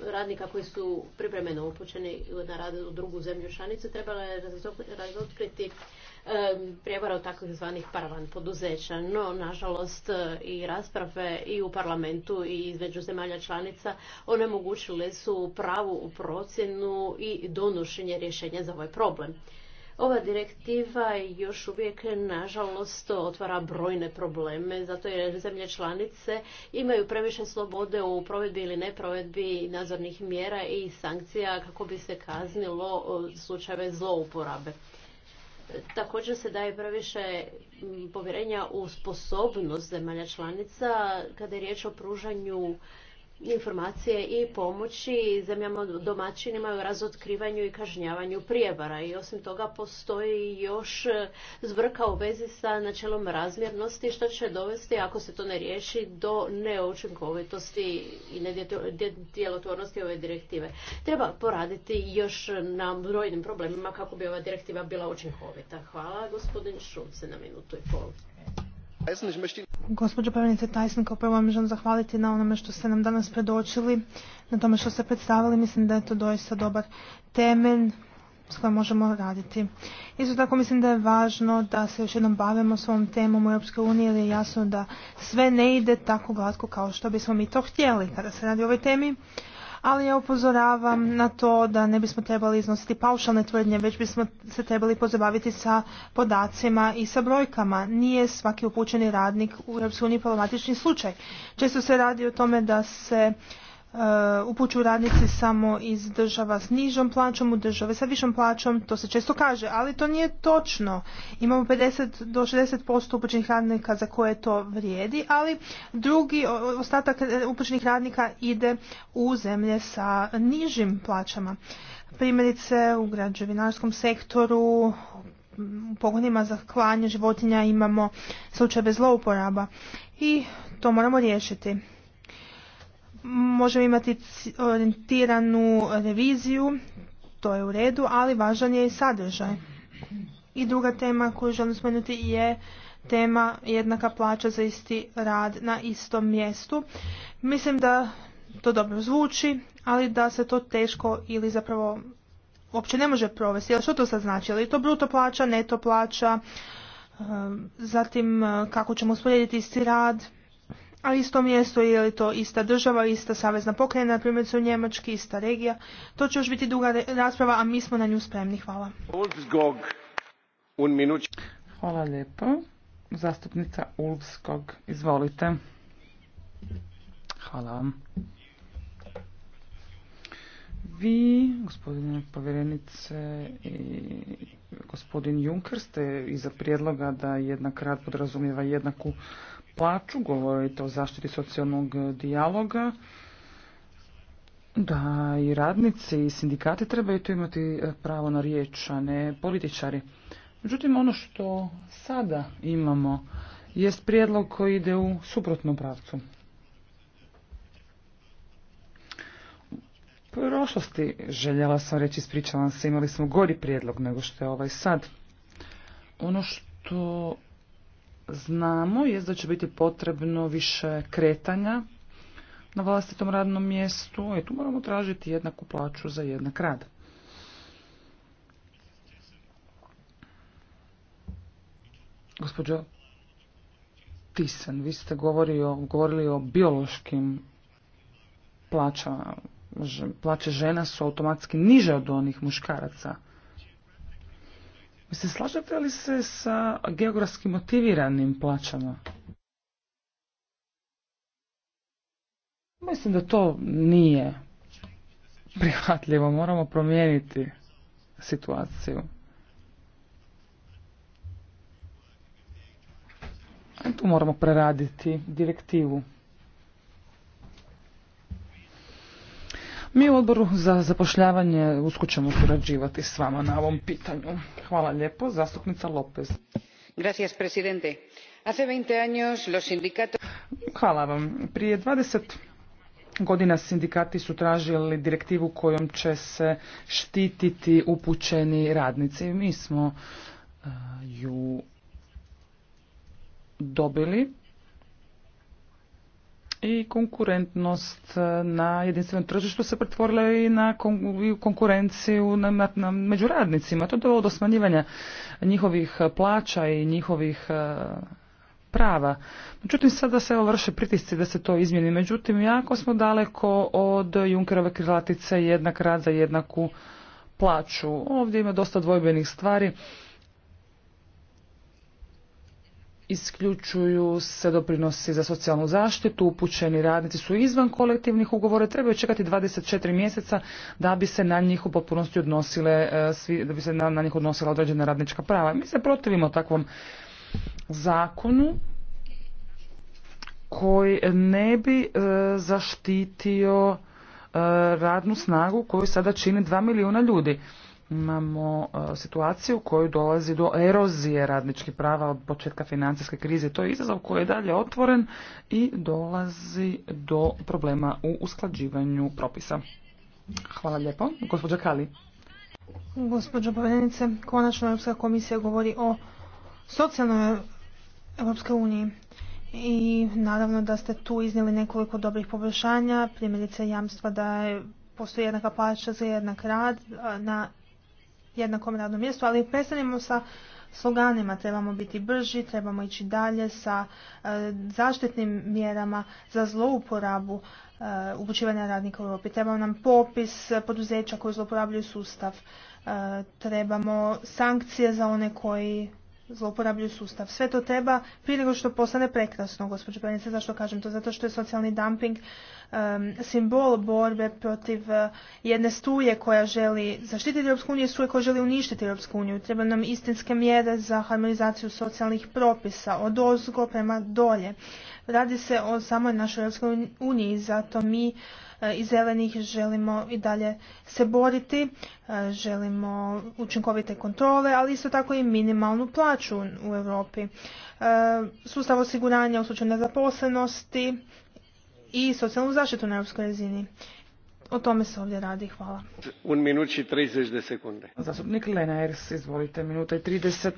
radnika koji su privremeno upućeni na rad u drugu zemlju članicu. Trebala je razotkriti prijevara od takozvanih paravan poduzeća. No, nažalost, e, i rasprave i u parlamentu i između zemalja članica onemogućile su pravu procjenu i donošenje rješenja za ovaj problem. Ova direktiva još uvijek, nažalost, otvara brojne probleme, zato jer zemlje članice imaju previše slobode u provedbi ili neprovedbi nadzornih mjera i sankcija kako bi se kaznilo e, slučajeve zlouporabe. Također se daje previše mm, povjerenja u sposobnost zemalja članica kada je riječ o pružanju informacije i pomoći zemljama domaćinima u razotkrivanju i kažnjavanju prijevara. I osim toga postoji još zvrka u vezi sa načelom razmjernosti što će dovesti, ako se to ne riješi, do neučinkovitosti i nedjelotvornosti ove direktive. Treba poraditi još na brojnim problemima kako bi ova direktiva bila učinkovita. Hvala gospodin Šulce na minutu i pol. Gospođo povjerenice Tajsen, kao prvo vam želim zahvaliti na onome što ste nam danas predočili, na tome što ste predstavili. Mislim da je to doista dobar temelj s kojim možemo raditi. Isto tako mislim da je važno da se još jednom bavimo s ovom temom Europskoj unije jer je jasno da sve ne ide tako glatko kao što bismo mi to htjeli kada se radi o ovoj temi ali ja upozoravam na to da ne bismo trebali iznositi paušalne tvrdnje, već bismo se trebali pozabaviti sa podacima i sa brojkama. Nije svaki upućeni radnik u EU problematični slučaj. Često se radi o tome da se Eh, upuću radnici samo iz država s nižom plaćom u države sa višom plaćom, to se često kaže, ali to nije točno. Imamo 50 do 60% upućenih radnika za koje to vrijedi, ali drugi ostatak eh, upućenih radnika ide u zemlje sa nižim plaćama. Primjerice u građevinarskom sektoru, u pogonima za klanje životinja imamo slučajeve zlouporaba i to moramo riješiti možemo imati orijentiranu reviziju, to je u redu, ali važan je i sadržaj. I druga tema koju želim spomenuti je tema jednaka plaća za isti rad na istom mjestu. Mislim da to dobro zvuči, ali da se to teško ili zapravo uopće ne može provesti. što to sad znači? Je li to bruto plaća, neto plaća, ehm, zatim eh, kako ćemo usporediti isti rad? a isto mjesto je li to ista država, ista savezna pokrajina, na primjer su Njemački, ista regija. To će još biti duga rasprava, a mi smo na nju spremni. Hvala. Hvala lijepo. Zastupnica Ulfskog, izvolite. Hvala vam. Vi, gospodine povjerenice i gospodin Juncker, ste iza prijedloga da jednak rad podrazumijeva jednaku plaću, govorite o zaštiti socijalnog dijaloga, da i radnici i sindikati trebaju tu imati e, pravo na riječ, a ne političari. Međutim, ono što sada imamo jest prijedlog koji ide u suprotnom pravcu. U prošlosti, željela sam reći, ispričavam se, imali smo gori prijedlog nego što je ovaj sad. Ono što znamo je da će biti potrebno više kretanja na vlastitom radnom mjestu i e, tu moramo tražiti jednaku plaću za jednak rad. Gospođo Tisen, vi ste govorili o biološkim plaćama. plaće žena su automatski niže od onih muškaraca. Mislim, slažete li se sa geografski motiviranim plaćama? Mislim da to nije prihvatljivo. Moramo promijeniti situaciju. E, tu moramo preraditi direktivu. Mi u odboru za zapošljavanje usko ćemo surađivati s vama na ovom pitanju. Hvala lijepo. Zastupnica Lopez. Gracias, presidente. Hace 20 años los Hvala vam. Prije 20 godina sindikati su tražili direktivu kojom će se štititi upućeni radnici. Mi smo eh, ju dobili i konkurentnost eh, na jedinstvenom tržištu se pretvorila i na konkurenciju na, na, na među radnicima. To je dovoljno do smanjivanja njihovih eh, plaća i njihovih eh, prava. Međutim, sada se evo vrše pritisci da se to izmjeni. Međutim, jako smo daleko od Junkerove krilatice jednak rad za jednaku plaću. Ovdje ima dosta dvojbenih stvari isključuju se doprinosi za socijalnu zaštitu, upućeni radnici su izvan kolektivnih ugovora, trebaju čekati 24 mjeseca da bi se na njih u potpunosti odnosile, e, svi, da bi se na, njih odnosila određena radnička prava. Mi se protivimo takvom zakonu koji ne bi e, zaštitio e, radnu snagu koju sada čini 2 milijuna ljudi imamo e, situaciju u kojoj dolazi do erozije radničkih prava od početka financijske krize. To je izazov koji je dalje otvoren i dolazi do problema u usklađivanju propisa. Hvala lijepo. Gospođa Kali. Gospođo povjerenice, konačno Europska komisija govori o socijalnoj europske uniji. I naravno da ste tu iznijeli nekoliko dobrih poboljšanja, primjerice jamstva da je postoji jednaka plaća za jednak rad na jednakom radnom mjestu, ali prestanemo sa sloganima, trebamo biti brži, trebamo ići dalje sa e, zaštitnim mjerama za zlouporabu e, upućivanja radnika u Europi. Trebamo nam popis poduzeća koji zlouporabljuju sustav. E, trebamo sankcije za one koji zlouporabljuju sustav. Sve to treba prije nego što postane prekrasno, gospođo Pranice, Zašto kažem to? Zato što je socijalni dumping simbol borbe protiv eh, jedne struje koja želi zaštititi Europsku uniju i struje koja želi uništiti Europsku uniju. Treba nam istinske mjere za harmonizaciju socijalnih propisa od ozgo prema dolje. Radi se o samoj našoj Europskoj uniji, zato mi E, i zelenih želimo i dalje se boriti, e, želimo učinkovite kontrole, ali isto tako i minimalnu plaću u Europi. E, sustav osiguranja u slučaju nezaposlenosti i socijalnu zaštitu na europskoj razini. O tome se ovdje radi. Hvala. Un minut i 30 sekunde. Zastupnik Ers, izvolite, minuta i 30.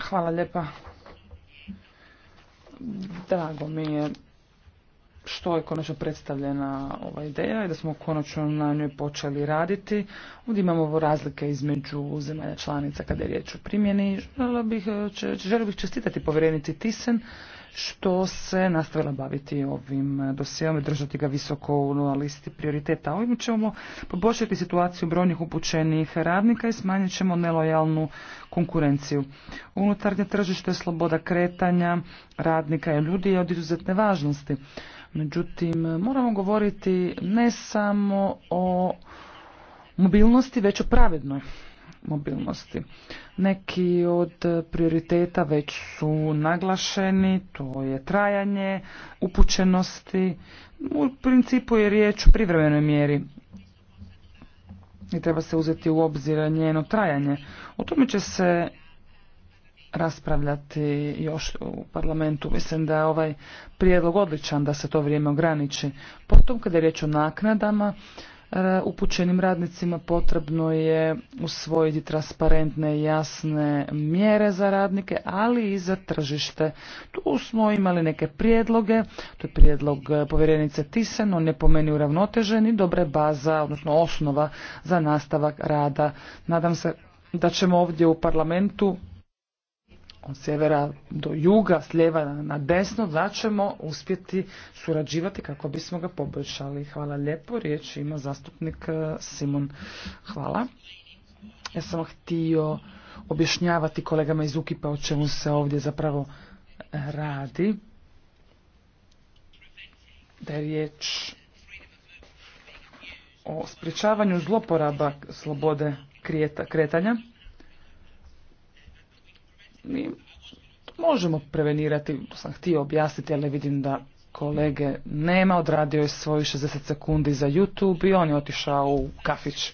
Hvala lijepa. Drago mi je što je konačno predstavljena ova ideja i da smo konačno na njoj počeli raditi. Ovdje imamo razlike između zemalja članica kada je riječ o primjeni. Želio bih, e, želio bih čestitati povjerenici Tisen što se nastavila baviti ovim e, dosijom i držati ga visoko u listi prioriteta. Ovim ćemo poboljšati situaciju brojnih upućenih radnika i smanjit ćemo nelojalnu konkurenciju. Unutarnje tržište je sloboda kretanja radnika i ljudi je od izuzetne važnosti. Međutim, moramo govoriti ne samo o mobilnosti, već o pravednoj mobilnosti. Neki od prioriteta već su naglašeni, to je trajanje, upućenosti. U principu je riječ o privremenoj mjeri i treba se uzeti u obzir njeno trajanje. O tome će se raspravljati još u parlamentu. Mislim da je ovaj prijedlog odličan da se to vrijeme ograniči. Potom kada je riječ o naknadama, E, upućenim radnicima potrebno je usvojiti transparentne i jasne mjere za radnike, ali i za tržište. Tu smo imali neke prijedloge, to je prijedlog e, povjerenice Tisen, on je po meni uravnotežen i dobra baza, odnosno osnova za nastavak rada. Nadam se da ćemo ovdje u parlamentu od sjevera do juga, s lijeva na desno, da ćemo uspjeti surađivati kako bismo ga poboljšali. Hvala lijepo, riječ ima zastupnik e, Simon. Hvala. Ja sam htio objašnjavati kolegama iz Ukipa o čemu se ovdje zapravo e, radi. Da je riječ o sprječavanju zloporaba slobode kretanja mi možemo prevenirati, sam htio objasniti, ali vidim da kolege nema, odradio je svoju 60 sekundi za YouTube i on je otišao u kafić.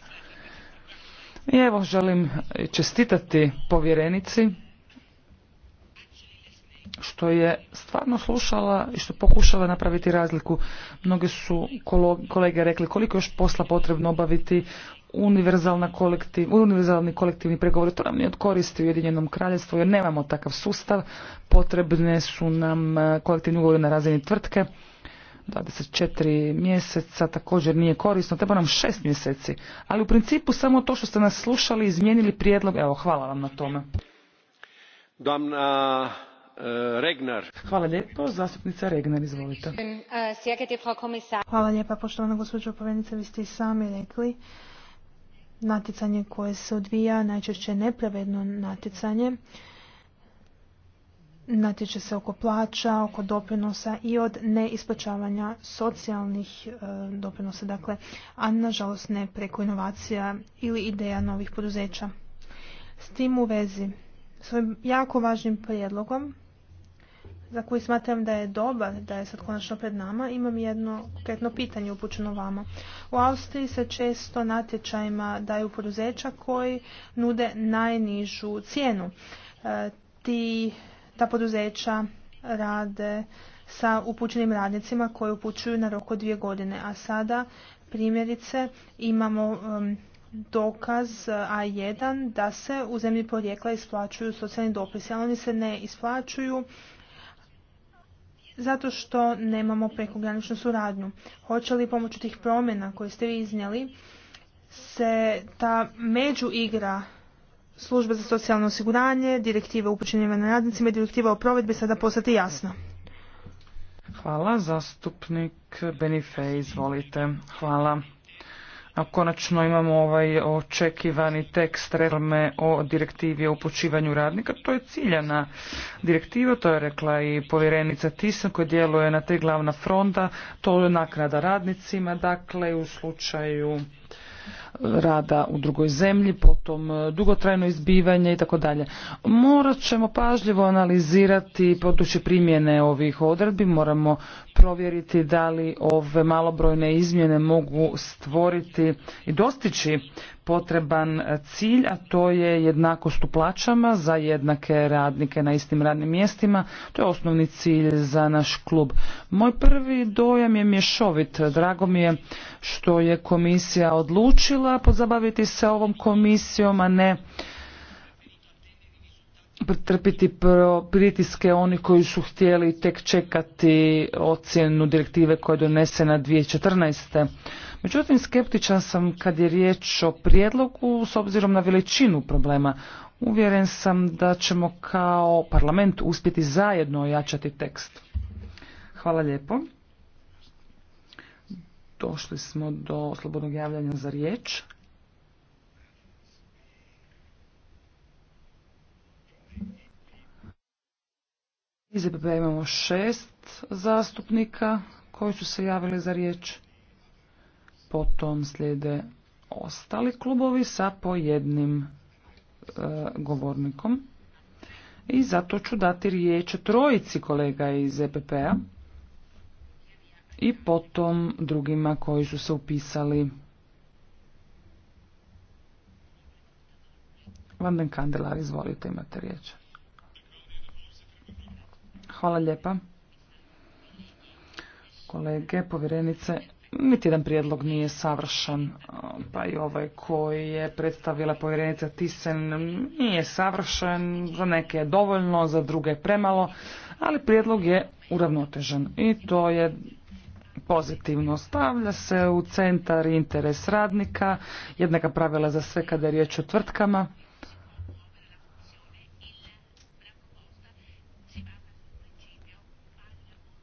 I evo želim čestitati povjerenici što je stvarno slušala i što pokušala napraviti razliku. Mnogi su kolege rekli koliko još posla potrebno obaviti univerzalna kolektiv, univerzalni kolektivni pregovori, To nam ne odkoristi u Ujedinjenom kraljevstvu jer nemamo takav sustav. Potrebne su nam e, kolektivni ugovori na razini tvrtke. 24 mjeseca također nije korisno, treba nam 6 mjeseci. Ali u principu samo to što ste nas slušali, izmijenili prijedlog, evo hvala vam na tome. Damna e, Regnar. Hvala lijepo. Zastupnica Regnar, izvolite. Hvala lijepa, poštovana gospođo Povenica, vi ste i sami rekli natjecanje koje se odvija, najčešće nepravedno natjecanje, natječe se oko plaća, oko doprinosa i od neisplaćavanja socijalnih e, doprinosa, dakle, a nažalost ne preko inovacija ili ideja novih poduzeća. S tim u vezi, s ovim jako važnim prijedlogom za koji smatram da je dobar, da je sad konačno pred nama, imam jedno konkretno pitanje upućeno vama. U Austriji se često natječajima daju poduzeća koji nude najnižu cijenu. E, ti, ta poduzeća rade sa upućenim radnicima koji upućuju na rok od dvije godine, a sada primjerice imamo dokaz e, A1 da se u zemlji porijekla isplaćuju socijalni dopisi, ali oni se ne isplaćuju zato što nemamo prekograničnu suradnju. Hoće li pomoću tih promjena koje ste vi iznijeli se ta međuigra službe za socijalno osiguranje, direktive upućenjima na radnicima i direktiva o provedbi sada postati jasna? Hvala, zastupnik Benifej, izvolite. Hvala. A konačno imamo ovaj očekivani tekst reforme o direktivi o upućivanju radnika. To je ciljana direktiva, to je rekla i povjerenica Tisak koja djeluje na te glavna fronta. To je naknada radnicima, dakle u slučaju rada u drugoj zemlji, potom e, dugotrajno izbivanje i tako dalje. Morat ćemo pažljivo analizirati područje primjene ovih odredbi, moramo provjeriti da li ove malobrojne izmjene mogu stvoriti i dostići potreban cilj, a to je jednakost u plaćama za jednake radnike na istim radnim mjestima. To je osnovni cilj za naš klub. Moj prvi dojam je mješovit. Drago mi je što je komisija odlučila odlučila pozabaviti se ovom komisijom, a ne pretrpiti pritiske oni koji su htjeli tek čekati ocjenu direktive koja je donesena 2014. Međutim, skeptičan sam kad je riječ o prijedlogu s obzirom na veličinu problema. Uvjeren sam da ćemo kao parlament uspjeti zajedno ojačati tekst. Hvala lijepo došli smo do slobodnog javljanja za riječ. Iz EPP imamo šest zastupnika koji su se javili za riječ. Potom slijede ostali klubovi sa po jednim e, govornikom. I zato ću dati riječ trojici kolega iz EPP-a i potom drugima koji su se upisali. Vanden Kandelar, izvolite, imate riječ. Hvala lijepa. Kolege, povjerenice, niti jedan prijedlog nije savršen, pa i ovaj koji je predstavila povjerenica Tisen nije savršen, za neke je dovoljno, za druge je premalo, ali prijedlog je uravnotežen i to je pozitivno. Stavlja se u centar interes radnika, jednaka pravila za sve kada je riječ o tvrtkama.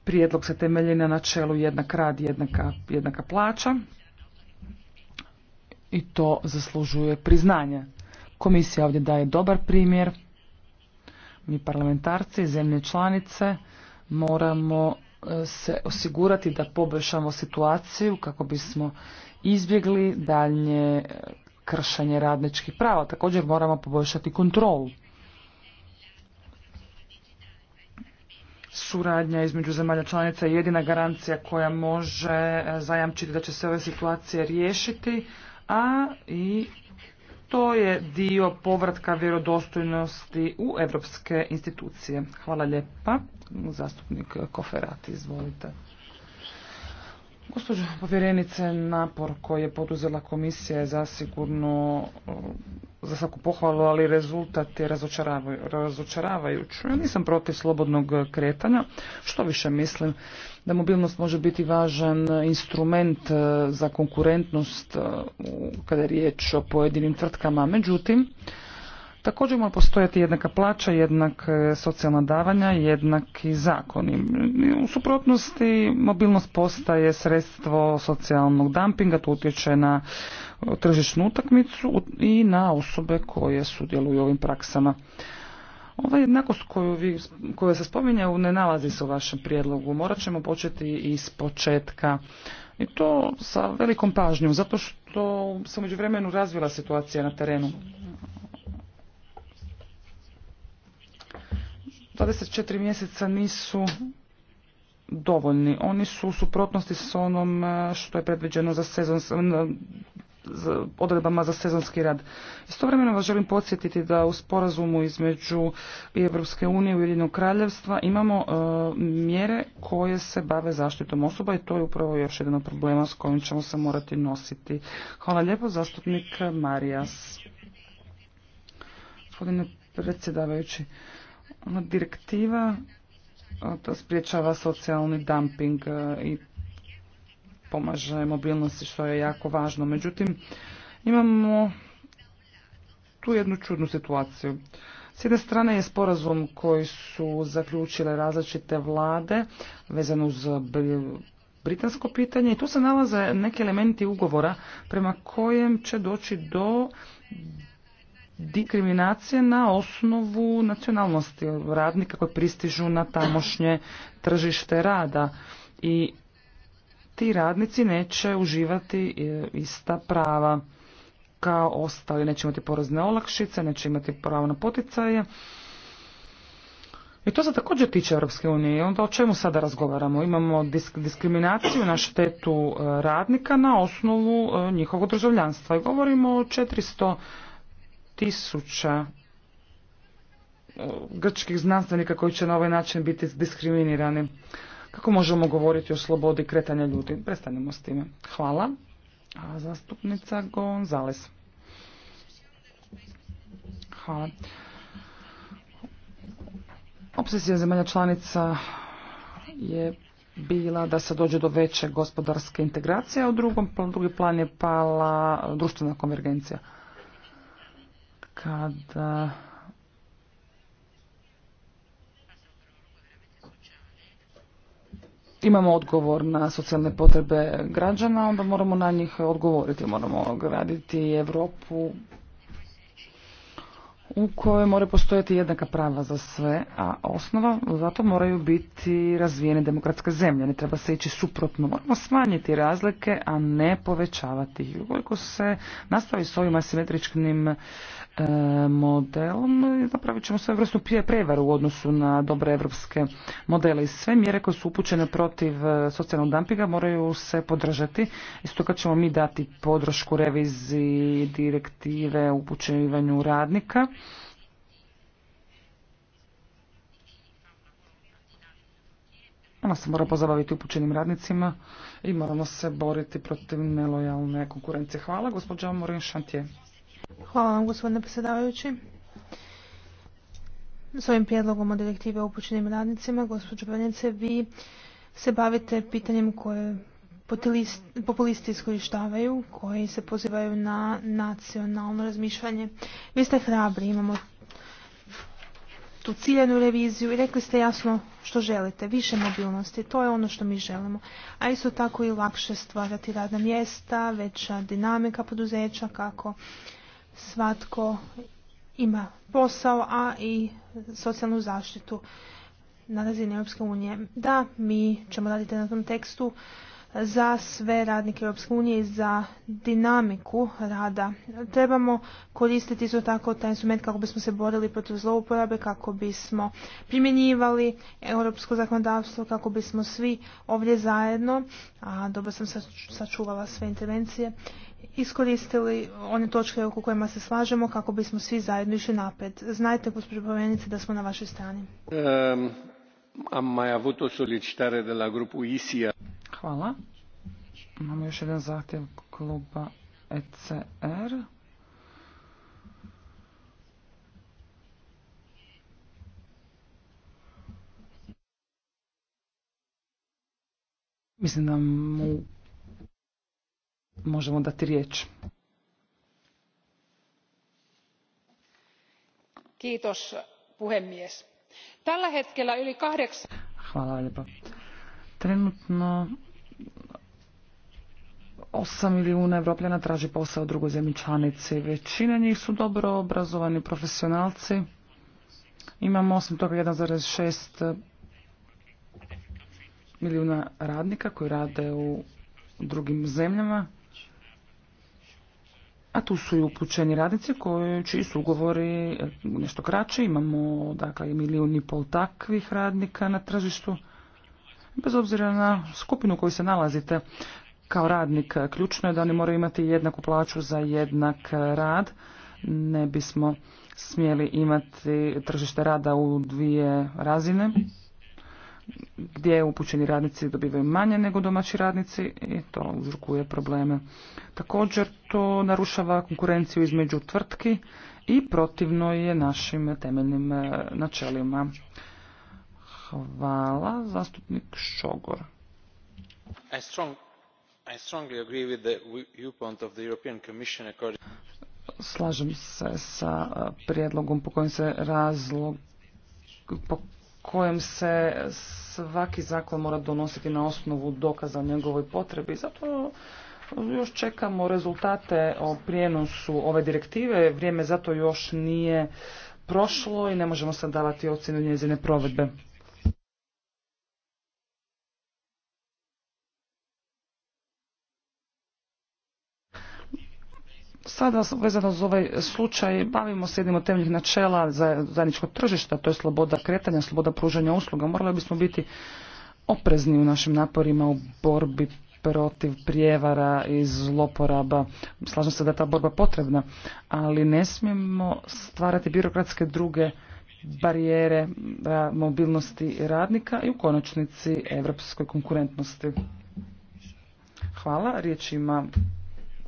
Prijedlog se temelji na načelu jednak rad, jednaka, jednaka plaća i to zaslužuje priznanje. Komisija ovdje daje dobar primjer. Mi parlamentarci, zemlje članice moramo se osigurati da poboljšamo situaciju kako bismo izbjegli daljnje e, kršenje radničkih prava. Također moramo poboljšati kontrolu. Suradnja između zemalja članica je jedina garancija koja može e, zajamčiti da će se ove situacije riješiti, a i to je dio povratka vjerodostojnosti u europske institucije. Hvala lijepa. Zastupnik Koferati, izvolite. Gospođo povjerenice, napor koji je poduzela komisija je zasigurno za svaku pohvalu, ali rezultat je razočaravajući. Ja nisam protiv slobodnog kretanja, što više mislim da mobilnost može biti važan e, instrument e, za konkurentnost e, kada je riječ o pojedinim tvrtkama. Međutim, također mora postojati jednaka plaća, jednak socijalna davanja, jednaki zakoni. U suprotnosti mobilnost postaje sredstvo socijalnog dumpinga, to utječe na tržišnu utakmicu i na osobe koje sudjeluju u ovim praksama. Ova jednakost koju, vi, koju se spominje ne nalazi se u vašem prijedlogu. Morat ćemo početi iz početka. I to sa velikom pažnjom, zato što se među vremenu razvila situacija na terenu. 24 mjeseca nisu dovoljni. Oni su u suprotnosti s onom eh, što je predviđeno za sezon odredbama za sezonski rad. Istovremeno vas želim podsjetiti da u sporazumu između Europske unije i Ujedinjenog kraljevstva imamo e, mjere koje se bave zaštitom osoba i to je upravo još jedan od problema s kojim ćemo se morati nositi. Hvala lijepo, zastupnik Marijas. Gospodine predsjedavajući, direktiva e, to spriječava socijalni dumping e, i pomaže mobilnosti što je jako važno. Međutim, imamo tu jednu čudnu situaciju. S jedne strane je sporazum koji su zaključile različite vlade vezano uz britansko pitanje i tu se nalaze neki elementi ugovora prema kojem će doći do diskriminacije na osnovu nacionalnosti radnika koji pristižu na tamošnje tržište rada. I ti radnici neće uživati e, ista prava kao ostali. Neće imati porezne olakšice, neće imati pravo na poticaje. I to se također tiče Europske unije. Onda o čemu sada razgovaramo? Imamo diskriminaciju na štetu e, radnika na osnovu e, njihovog državljanstva. I govorimo o 400 tisuća grčkih znanstvenika koji će na ovaj način biti diskriminirani. Kako možemo govoriti o slobodi kretanja ljudi? Prestanemo s time. Hvala. A zastupnica Gonzales. Hvala. Obsesija zemalja članica je bila da se dođe do veće gospodarske integracije, a u drugom, drugi plan je pala društvena konvergencija. Kada imamo odgovor na socijalne potrebe građana, onda moramo na njih odgovoriti. Moramo graditi Europu u kojoj mora postojati jednaka prava za sve, a osnova zato moraju biti razvijene demokratske zemlje. Ne treba se ići suprotno. Moramo smanjiti razlike, a ne povećavati ih. Ukoliko se nastavi s ovim asimetričnim E, modelom i ćemo sve vrstu prevaru u odnosu na dobre evropske modele. I sve mjere koje su upućene protiv e, socijalnog dumpinga moraju se podržati. Isto kad ćemo mi dati podršku reviziji direktive u upućivanju radnika. Ona se mora pozabaviti upućenim radnicima i moramo se boriti protiv nelojalne konkurencije. Hvala, gospođa Morin Šantije. Hvala vam gospodine predsjedavajući. S ovim prijedlogom o direktive o upućenim radnicima, gospođo Brnjice, vi se bavite pitanjem koje populisti iskorištavaju, koji se pozivaju na nacionalno razmišljanje. Vi ste hrabri, imamo tu ciljenu reviziju i rekli ste jasno što želite, više mobilnosti, to je ono što mi želimo. A isto tako i lakše stvarati radna mjesta, veća dinamika poduzeća, kako svatko ima posao, a i socijalnu zaštitu na razini Europske unije. Da, mi ćemo raditi na tom tekstu za sve radnike Europske unije i za dinamiku rada. Trebamo koristiti isto tako taj instrument kako bismo se borili protiv zlouporabe, kako bismo primjenjivali europsko zakonodavstvo, kako bismo svi ovdje zajedno, a dobro sam sačuvala sve intervencije, iskoristili one točke oko kojima se slažemo kako bismo svi zajedno išli naprijed. Znajte, gospođo da smo na vašoj strani. Ehm, Hvala. Imamo još jedan zahtjev kluba ECR. Mislim da mu možemo dati riječ. Kiitos, puhemies. Tällä hetkellä yli Hvala lijepa. Trenutno 8 milijuna evropljana traži posao u drugoj zemlji članici. Većina njih su dobro obrazovani profesionalci. Imamo osim toga 1,6 milijuna radnika koji rade u drugim zemljama. A tu su i upućeni radnici koji, čiji su ugovori e, nešto kraće, imamo dakle i milijun i pol takvih radnika na tržištu. Bez obzira na skupinu u kojoj se nalazite kao radnik, ključno je da oni moraju imati jednaku plaću za jednak rad. Ne bismo smjeli imati tržište rada u dvije razine gdje upućeni radnici dobivaju manje nego domaći radnici i to uzrokuje probleme. Također to narušava konkurenciju između tvrtki i protivno je našim temeljnim e, načelima. Hvala, zastupnik Šogor. slažem se sa prijedlogom po kojem se razlog po kojem se svaki zakon mora donositi na osnovu dokaza njegovoj potrebi. Zato još čekamo rezultate o prijenosu ove direktive. Vrijeme zato još nije prošlo i ne možemo sad davati ocjenu njezine provedbe. Sada, vezano za ovaj slučaj, bavimo se jednim od temeljnih načela za zajedničko tržišta, to je sloboda kretanja, sloboda pružanja usluga. Morali bismo biti oprezni u našim naporima u borbi protiv prijevara i zloporaba. Slažem se da je ta borba potrebna, ali ne smijemo stvarati birokratske druge barijere e, mobilnosti radnika i u konačnici evropskoj konkurentnosti. Hvala. Riječ ima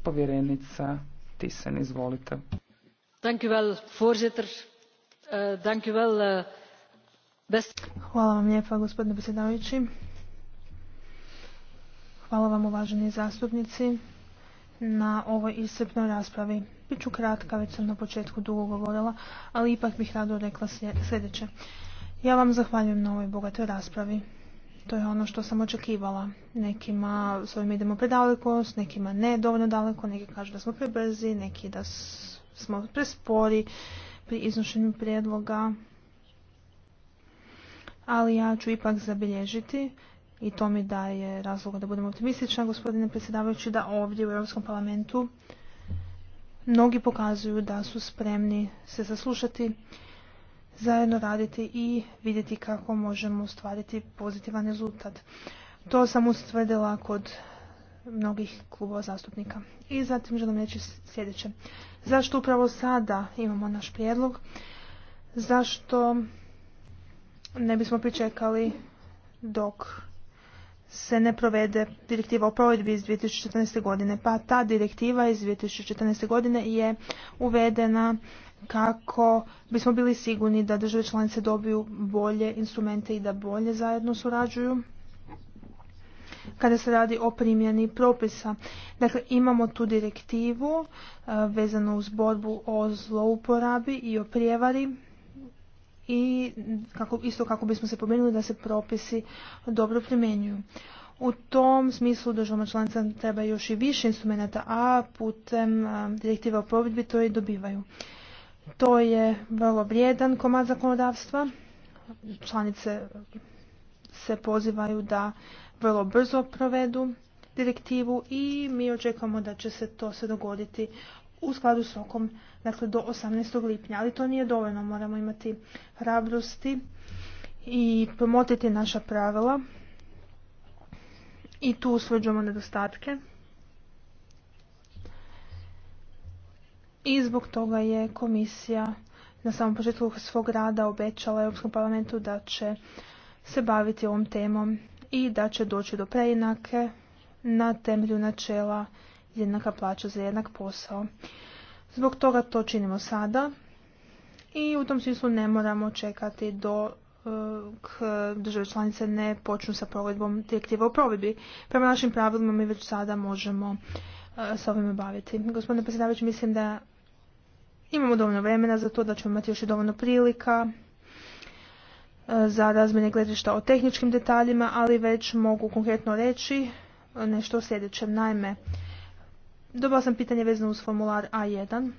povjerenica Tisen, izvolite. Eh, eh, Hvala vam lijepa, gospodine predsjedavajući. Hvala vam, uvaženi zastupnici, na ovoj iscrpnoj raspravi. ću kratka, već sam na početku dugo govorila, ali ipak bih rado rekla sljedeće. Ja vam zahvaljujem na ovoj bogatoj raspravi. To je ono što sam očekivala. Nekima s ovim idemo predaleko, s nekima ne dovoljno daleko, neki kažu da smo prebrzi, neki da smo prespori pri iznošenju prijedloga. Ali ja ću ipak zabilježiti i to mi daje razloga da budem optimistična, gospodine predsjedavajući, da ovdje u Europskom parlamentu mnogi pokazuju da su spremni se saslušati zajedno raditi i vidjeti kako možemo ostvariti pozitivan rezultat. To sam ustvrdila kod mnogih klubova zastupnika. I zatim želim reći sljedeće. Zašto upravo sada imamo naš prijedlog? Zašto ne bismo pričekali dok se ne provede direktiva o provedbi iz 2014. godine. Pa ta direktiva iz 2014. godine je uvedena kako bismo bili sigurni da države članice dobiju bolje instrumente i da bolje zajedno surađuju kada se radi o primjeni propisa. Dakle, imamo tu direktivu e, vezanu uz borbu o zlouporabi i o prijevari i kako, isto kako bismo se pomenuli da se propisi dobro primjenjuju. U tom smislu državama članica treba još i više instrumenta, a putem e, direktiva o provedbi to i dobivaju. To je vrlo vrijedan komad zakonodavstva. Članice se pozivaju da vrlo brzo provedu direktivu i mi očekujemo da će se to se dogoditi u skladu s rokom dakle, do 18. lipnja. Ali to nije dovoljno, moramo imati hrabrosti i promotiti naša pravila. I tu usvrđujemo nedostatke. I zbog toga je komisija na samom početku svog rada obećala Europskom parlamentu da će se baviti ovom temom i da će doći do preinake na temelju načela jednaka plaća za jednak posao. Zbog toga to činimo sada i u tom smislu ne moramo čekati do e, države članice ne počnu sa provedbom direktiva o provedbi. Prema našim pravilima mi već sada možemo s ovime baviti. Gospodine predsjedavajući, mislim da imamo dovoljno vremena za to da ćemo imati još i dovoljno prilika e, za razmjene gledišta o tehničkim detaljima, ali već mogu konkretno reći nešto o sljedećem. Naime, dobila sam pitanje vezano uz formular A1.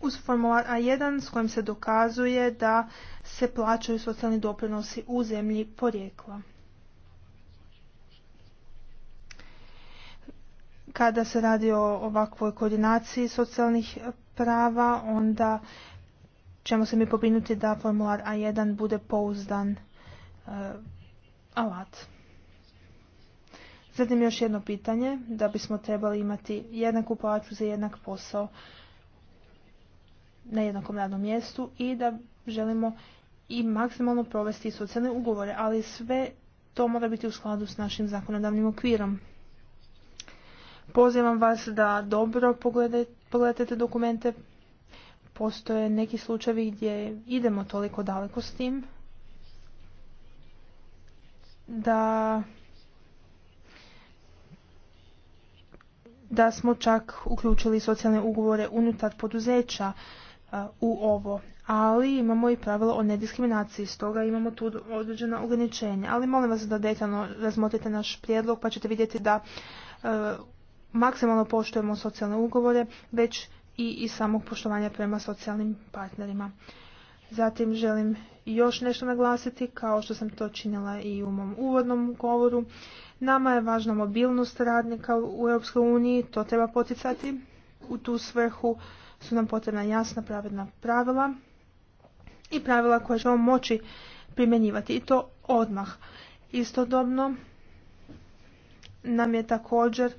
Uz formular A1 s kojim se dokazuje da se plaćaju socijalni doprinosi u zemlji porijekla. kada se radi o ovakvoj koordinaciji socijalnih prava, onda ćemo se mi pobinuti da formular A1 bude pouzdan e, alat. Zatim još jedno pitanje, da bismo trebali imati jednaku plaću za jednak posao na jednakom radnom mjestu i da želimo i maksimalno provesti socijalne ugovore, ali sve to mora biti u skladu s našim zakonodavnim okvirom. Pozivam vas da dobro pogledate te dokumente. Postoje neki slučajevi gdje idemo toliko daleko s tim da da smo čak uključili socijalne ugovore unutar poduzeća u ovo. Ali imamo i pravilo o nediskriminaciji, stoga imamo tu određena ograničenja. Ali molim vas da detaljno razmotrite naš prijedlog pa ćete vidjeti da maksimalno poštujemo socijalne ugovore, već i iz samog poštovanja prema socijalnim partnerima. Zatim želim još nešto naglasiti, kao što sam to činila i u mom uvodnom govoru. Nama je važna mobilnost radnika u EU, to treba poticati. U tu svrhu su nam potrebna jasna pravedna pravila i pravila koje ćemo moći primjenjivati i to odmah. Istodobno nam je također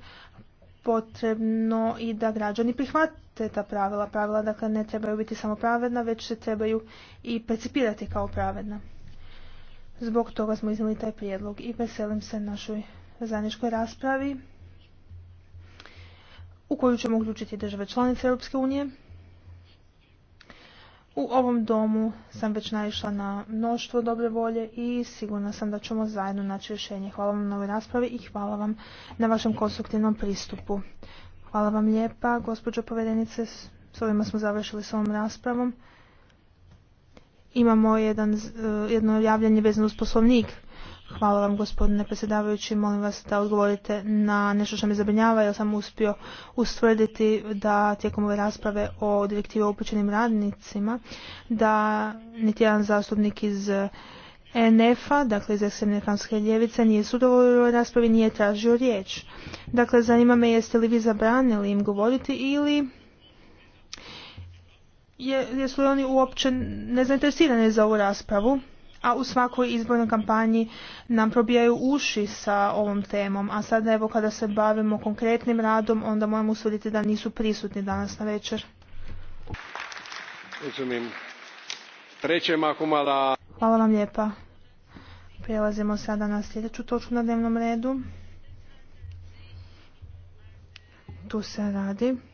potrebno i da građani prihvate ta pravila. Pravila dakle ne trebaju biti samo pravedna, već se trebaju i percipirati kao pravedna. Zbog toga smo iznijeli taj prijedlog i veselim se našoj zajedničkoj raspravi u koju ćemo uključiti države članice Europske unije u ovom domu sam već naišla na mnoštvo dobre volje i sigurna sam da ćemo zajedno naći rješenje. Hvala vam na ovoj raspravi i hvala vam na vašem konstruktivnom pristupu. Hvala vam lijepa, gospođo povedenice. S ovima smo završili s ovom raspravom. Imamo jedan, e, jedno javljanje vezano uz poslovnik. Hvala vam gospodine predsjedavajući, molim vas da odgovorite na nešto što me zabrinjava jer sam uspio ustvrditi da tijekom ove rasprave o direktivi o upućenim radnicima da niti jedan zastupnik iz NF-a, dakle iz ekstremne franske ljevice, nije sudovoljio u ovoj raspravi, nije tražio riječ. Dakle, zanima me jeste li vi zabranili im govoriti ili jesu li oni uopće nezainteresirani za ovu raspravu? a u svakoj izbornoj kampanji nam probijaju uši sa ovom temom, a sada evo kada se bavimo konkretnim radom, onda moramo usvoditi da nisu prisutni danas na večer. Hvala vam lijepa. Prelazimo sada na sljedeću točku na dnevnom redu. Tu se radi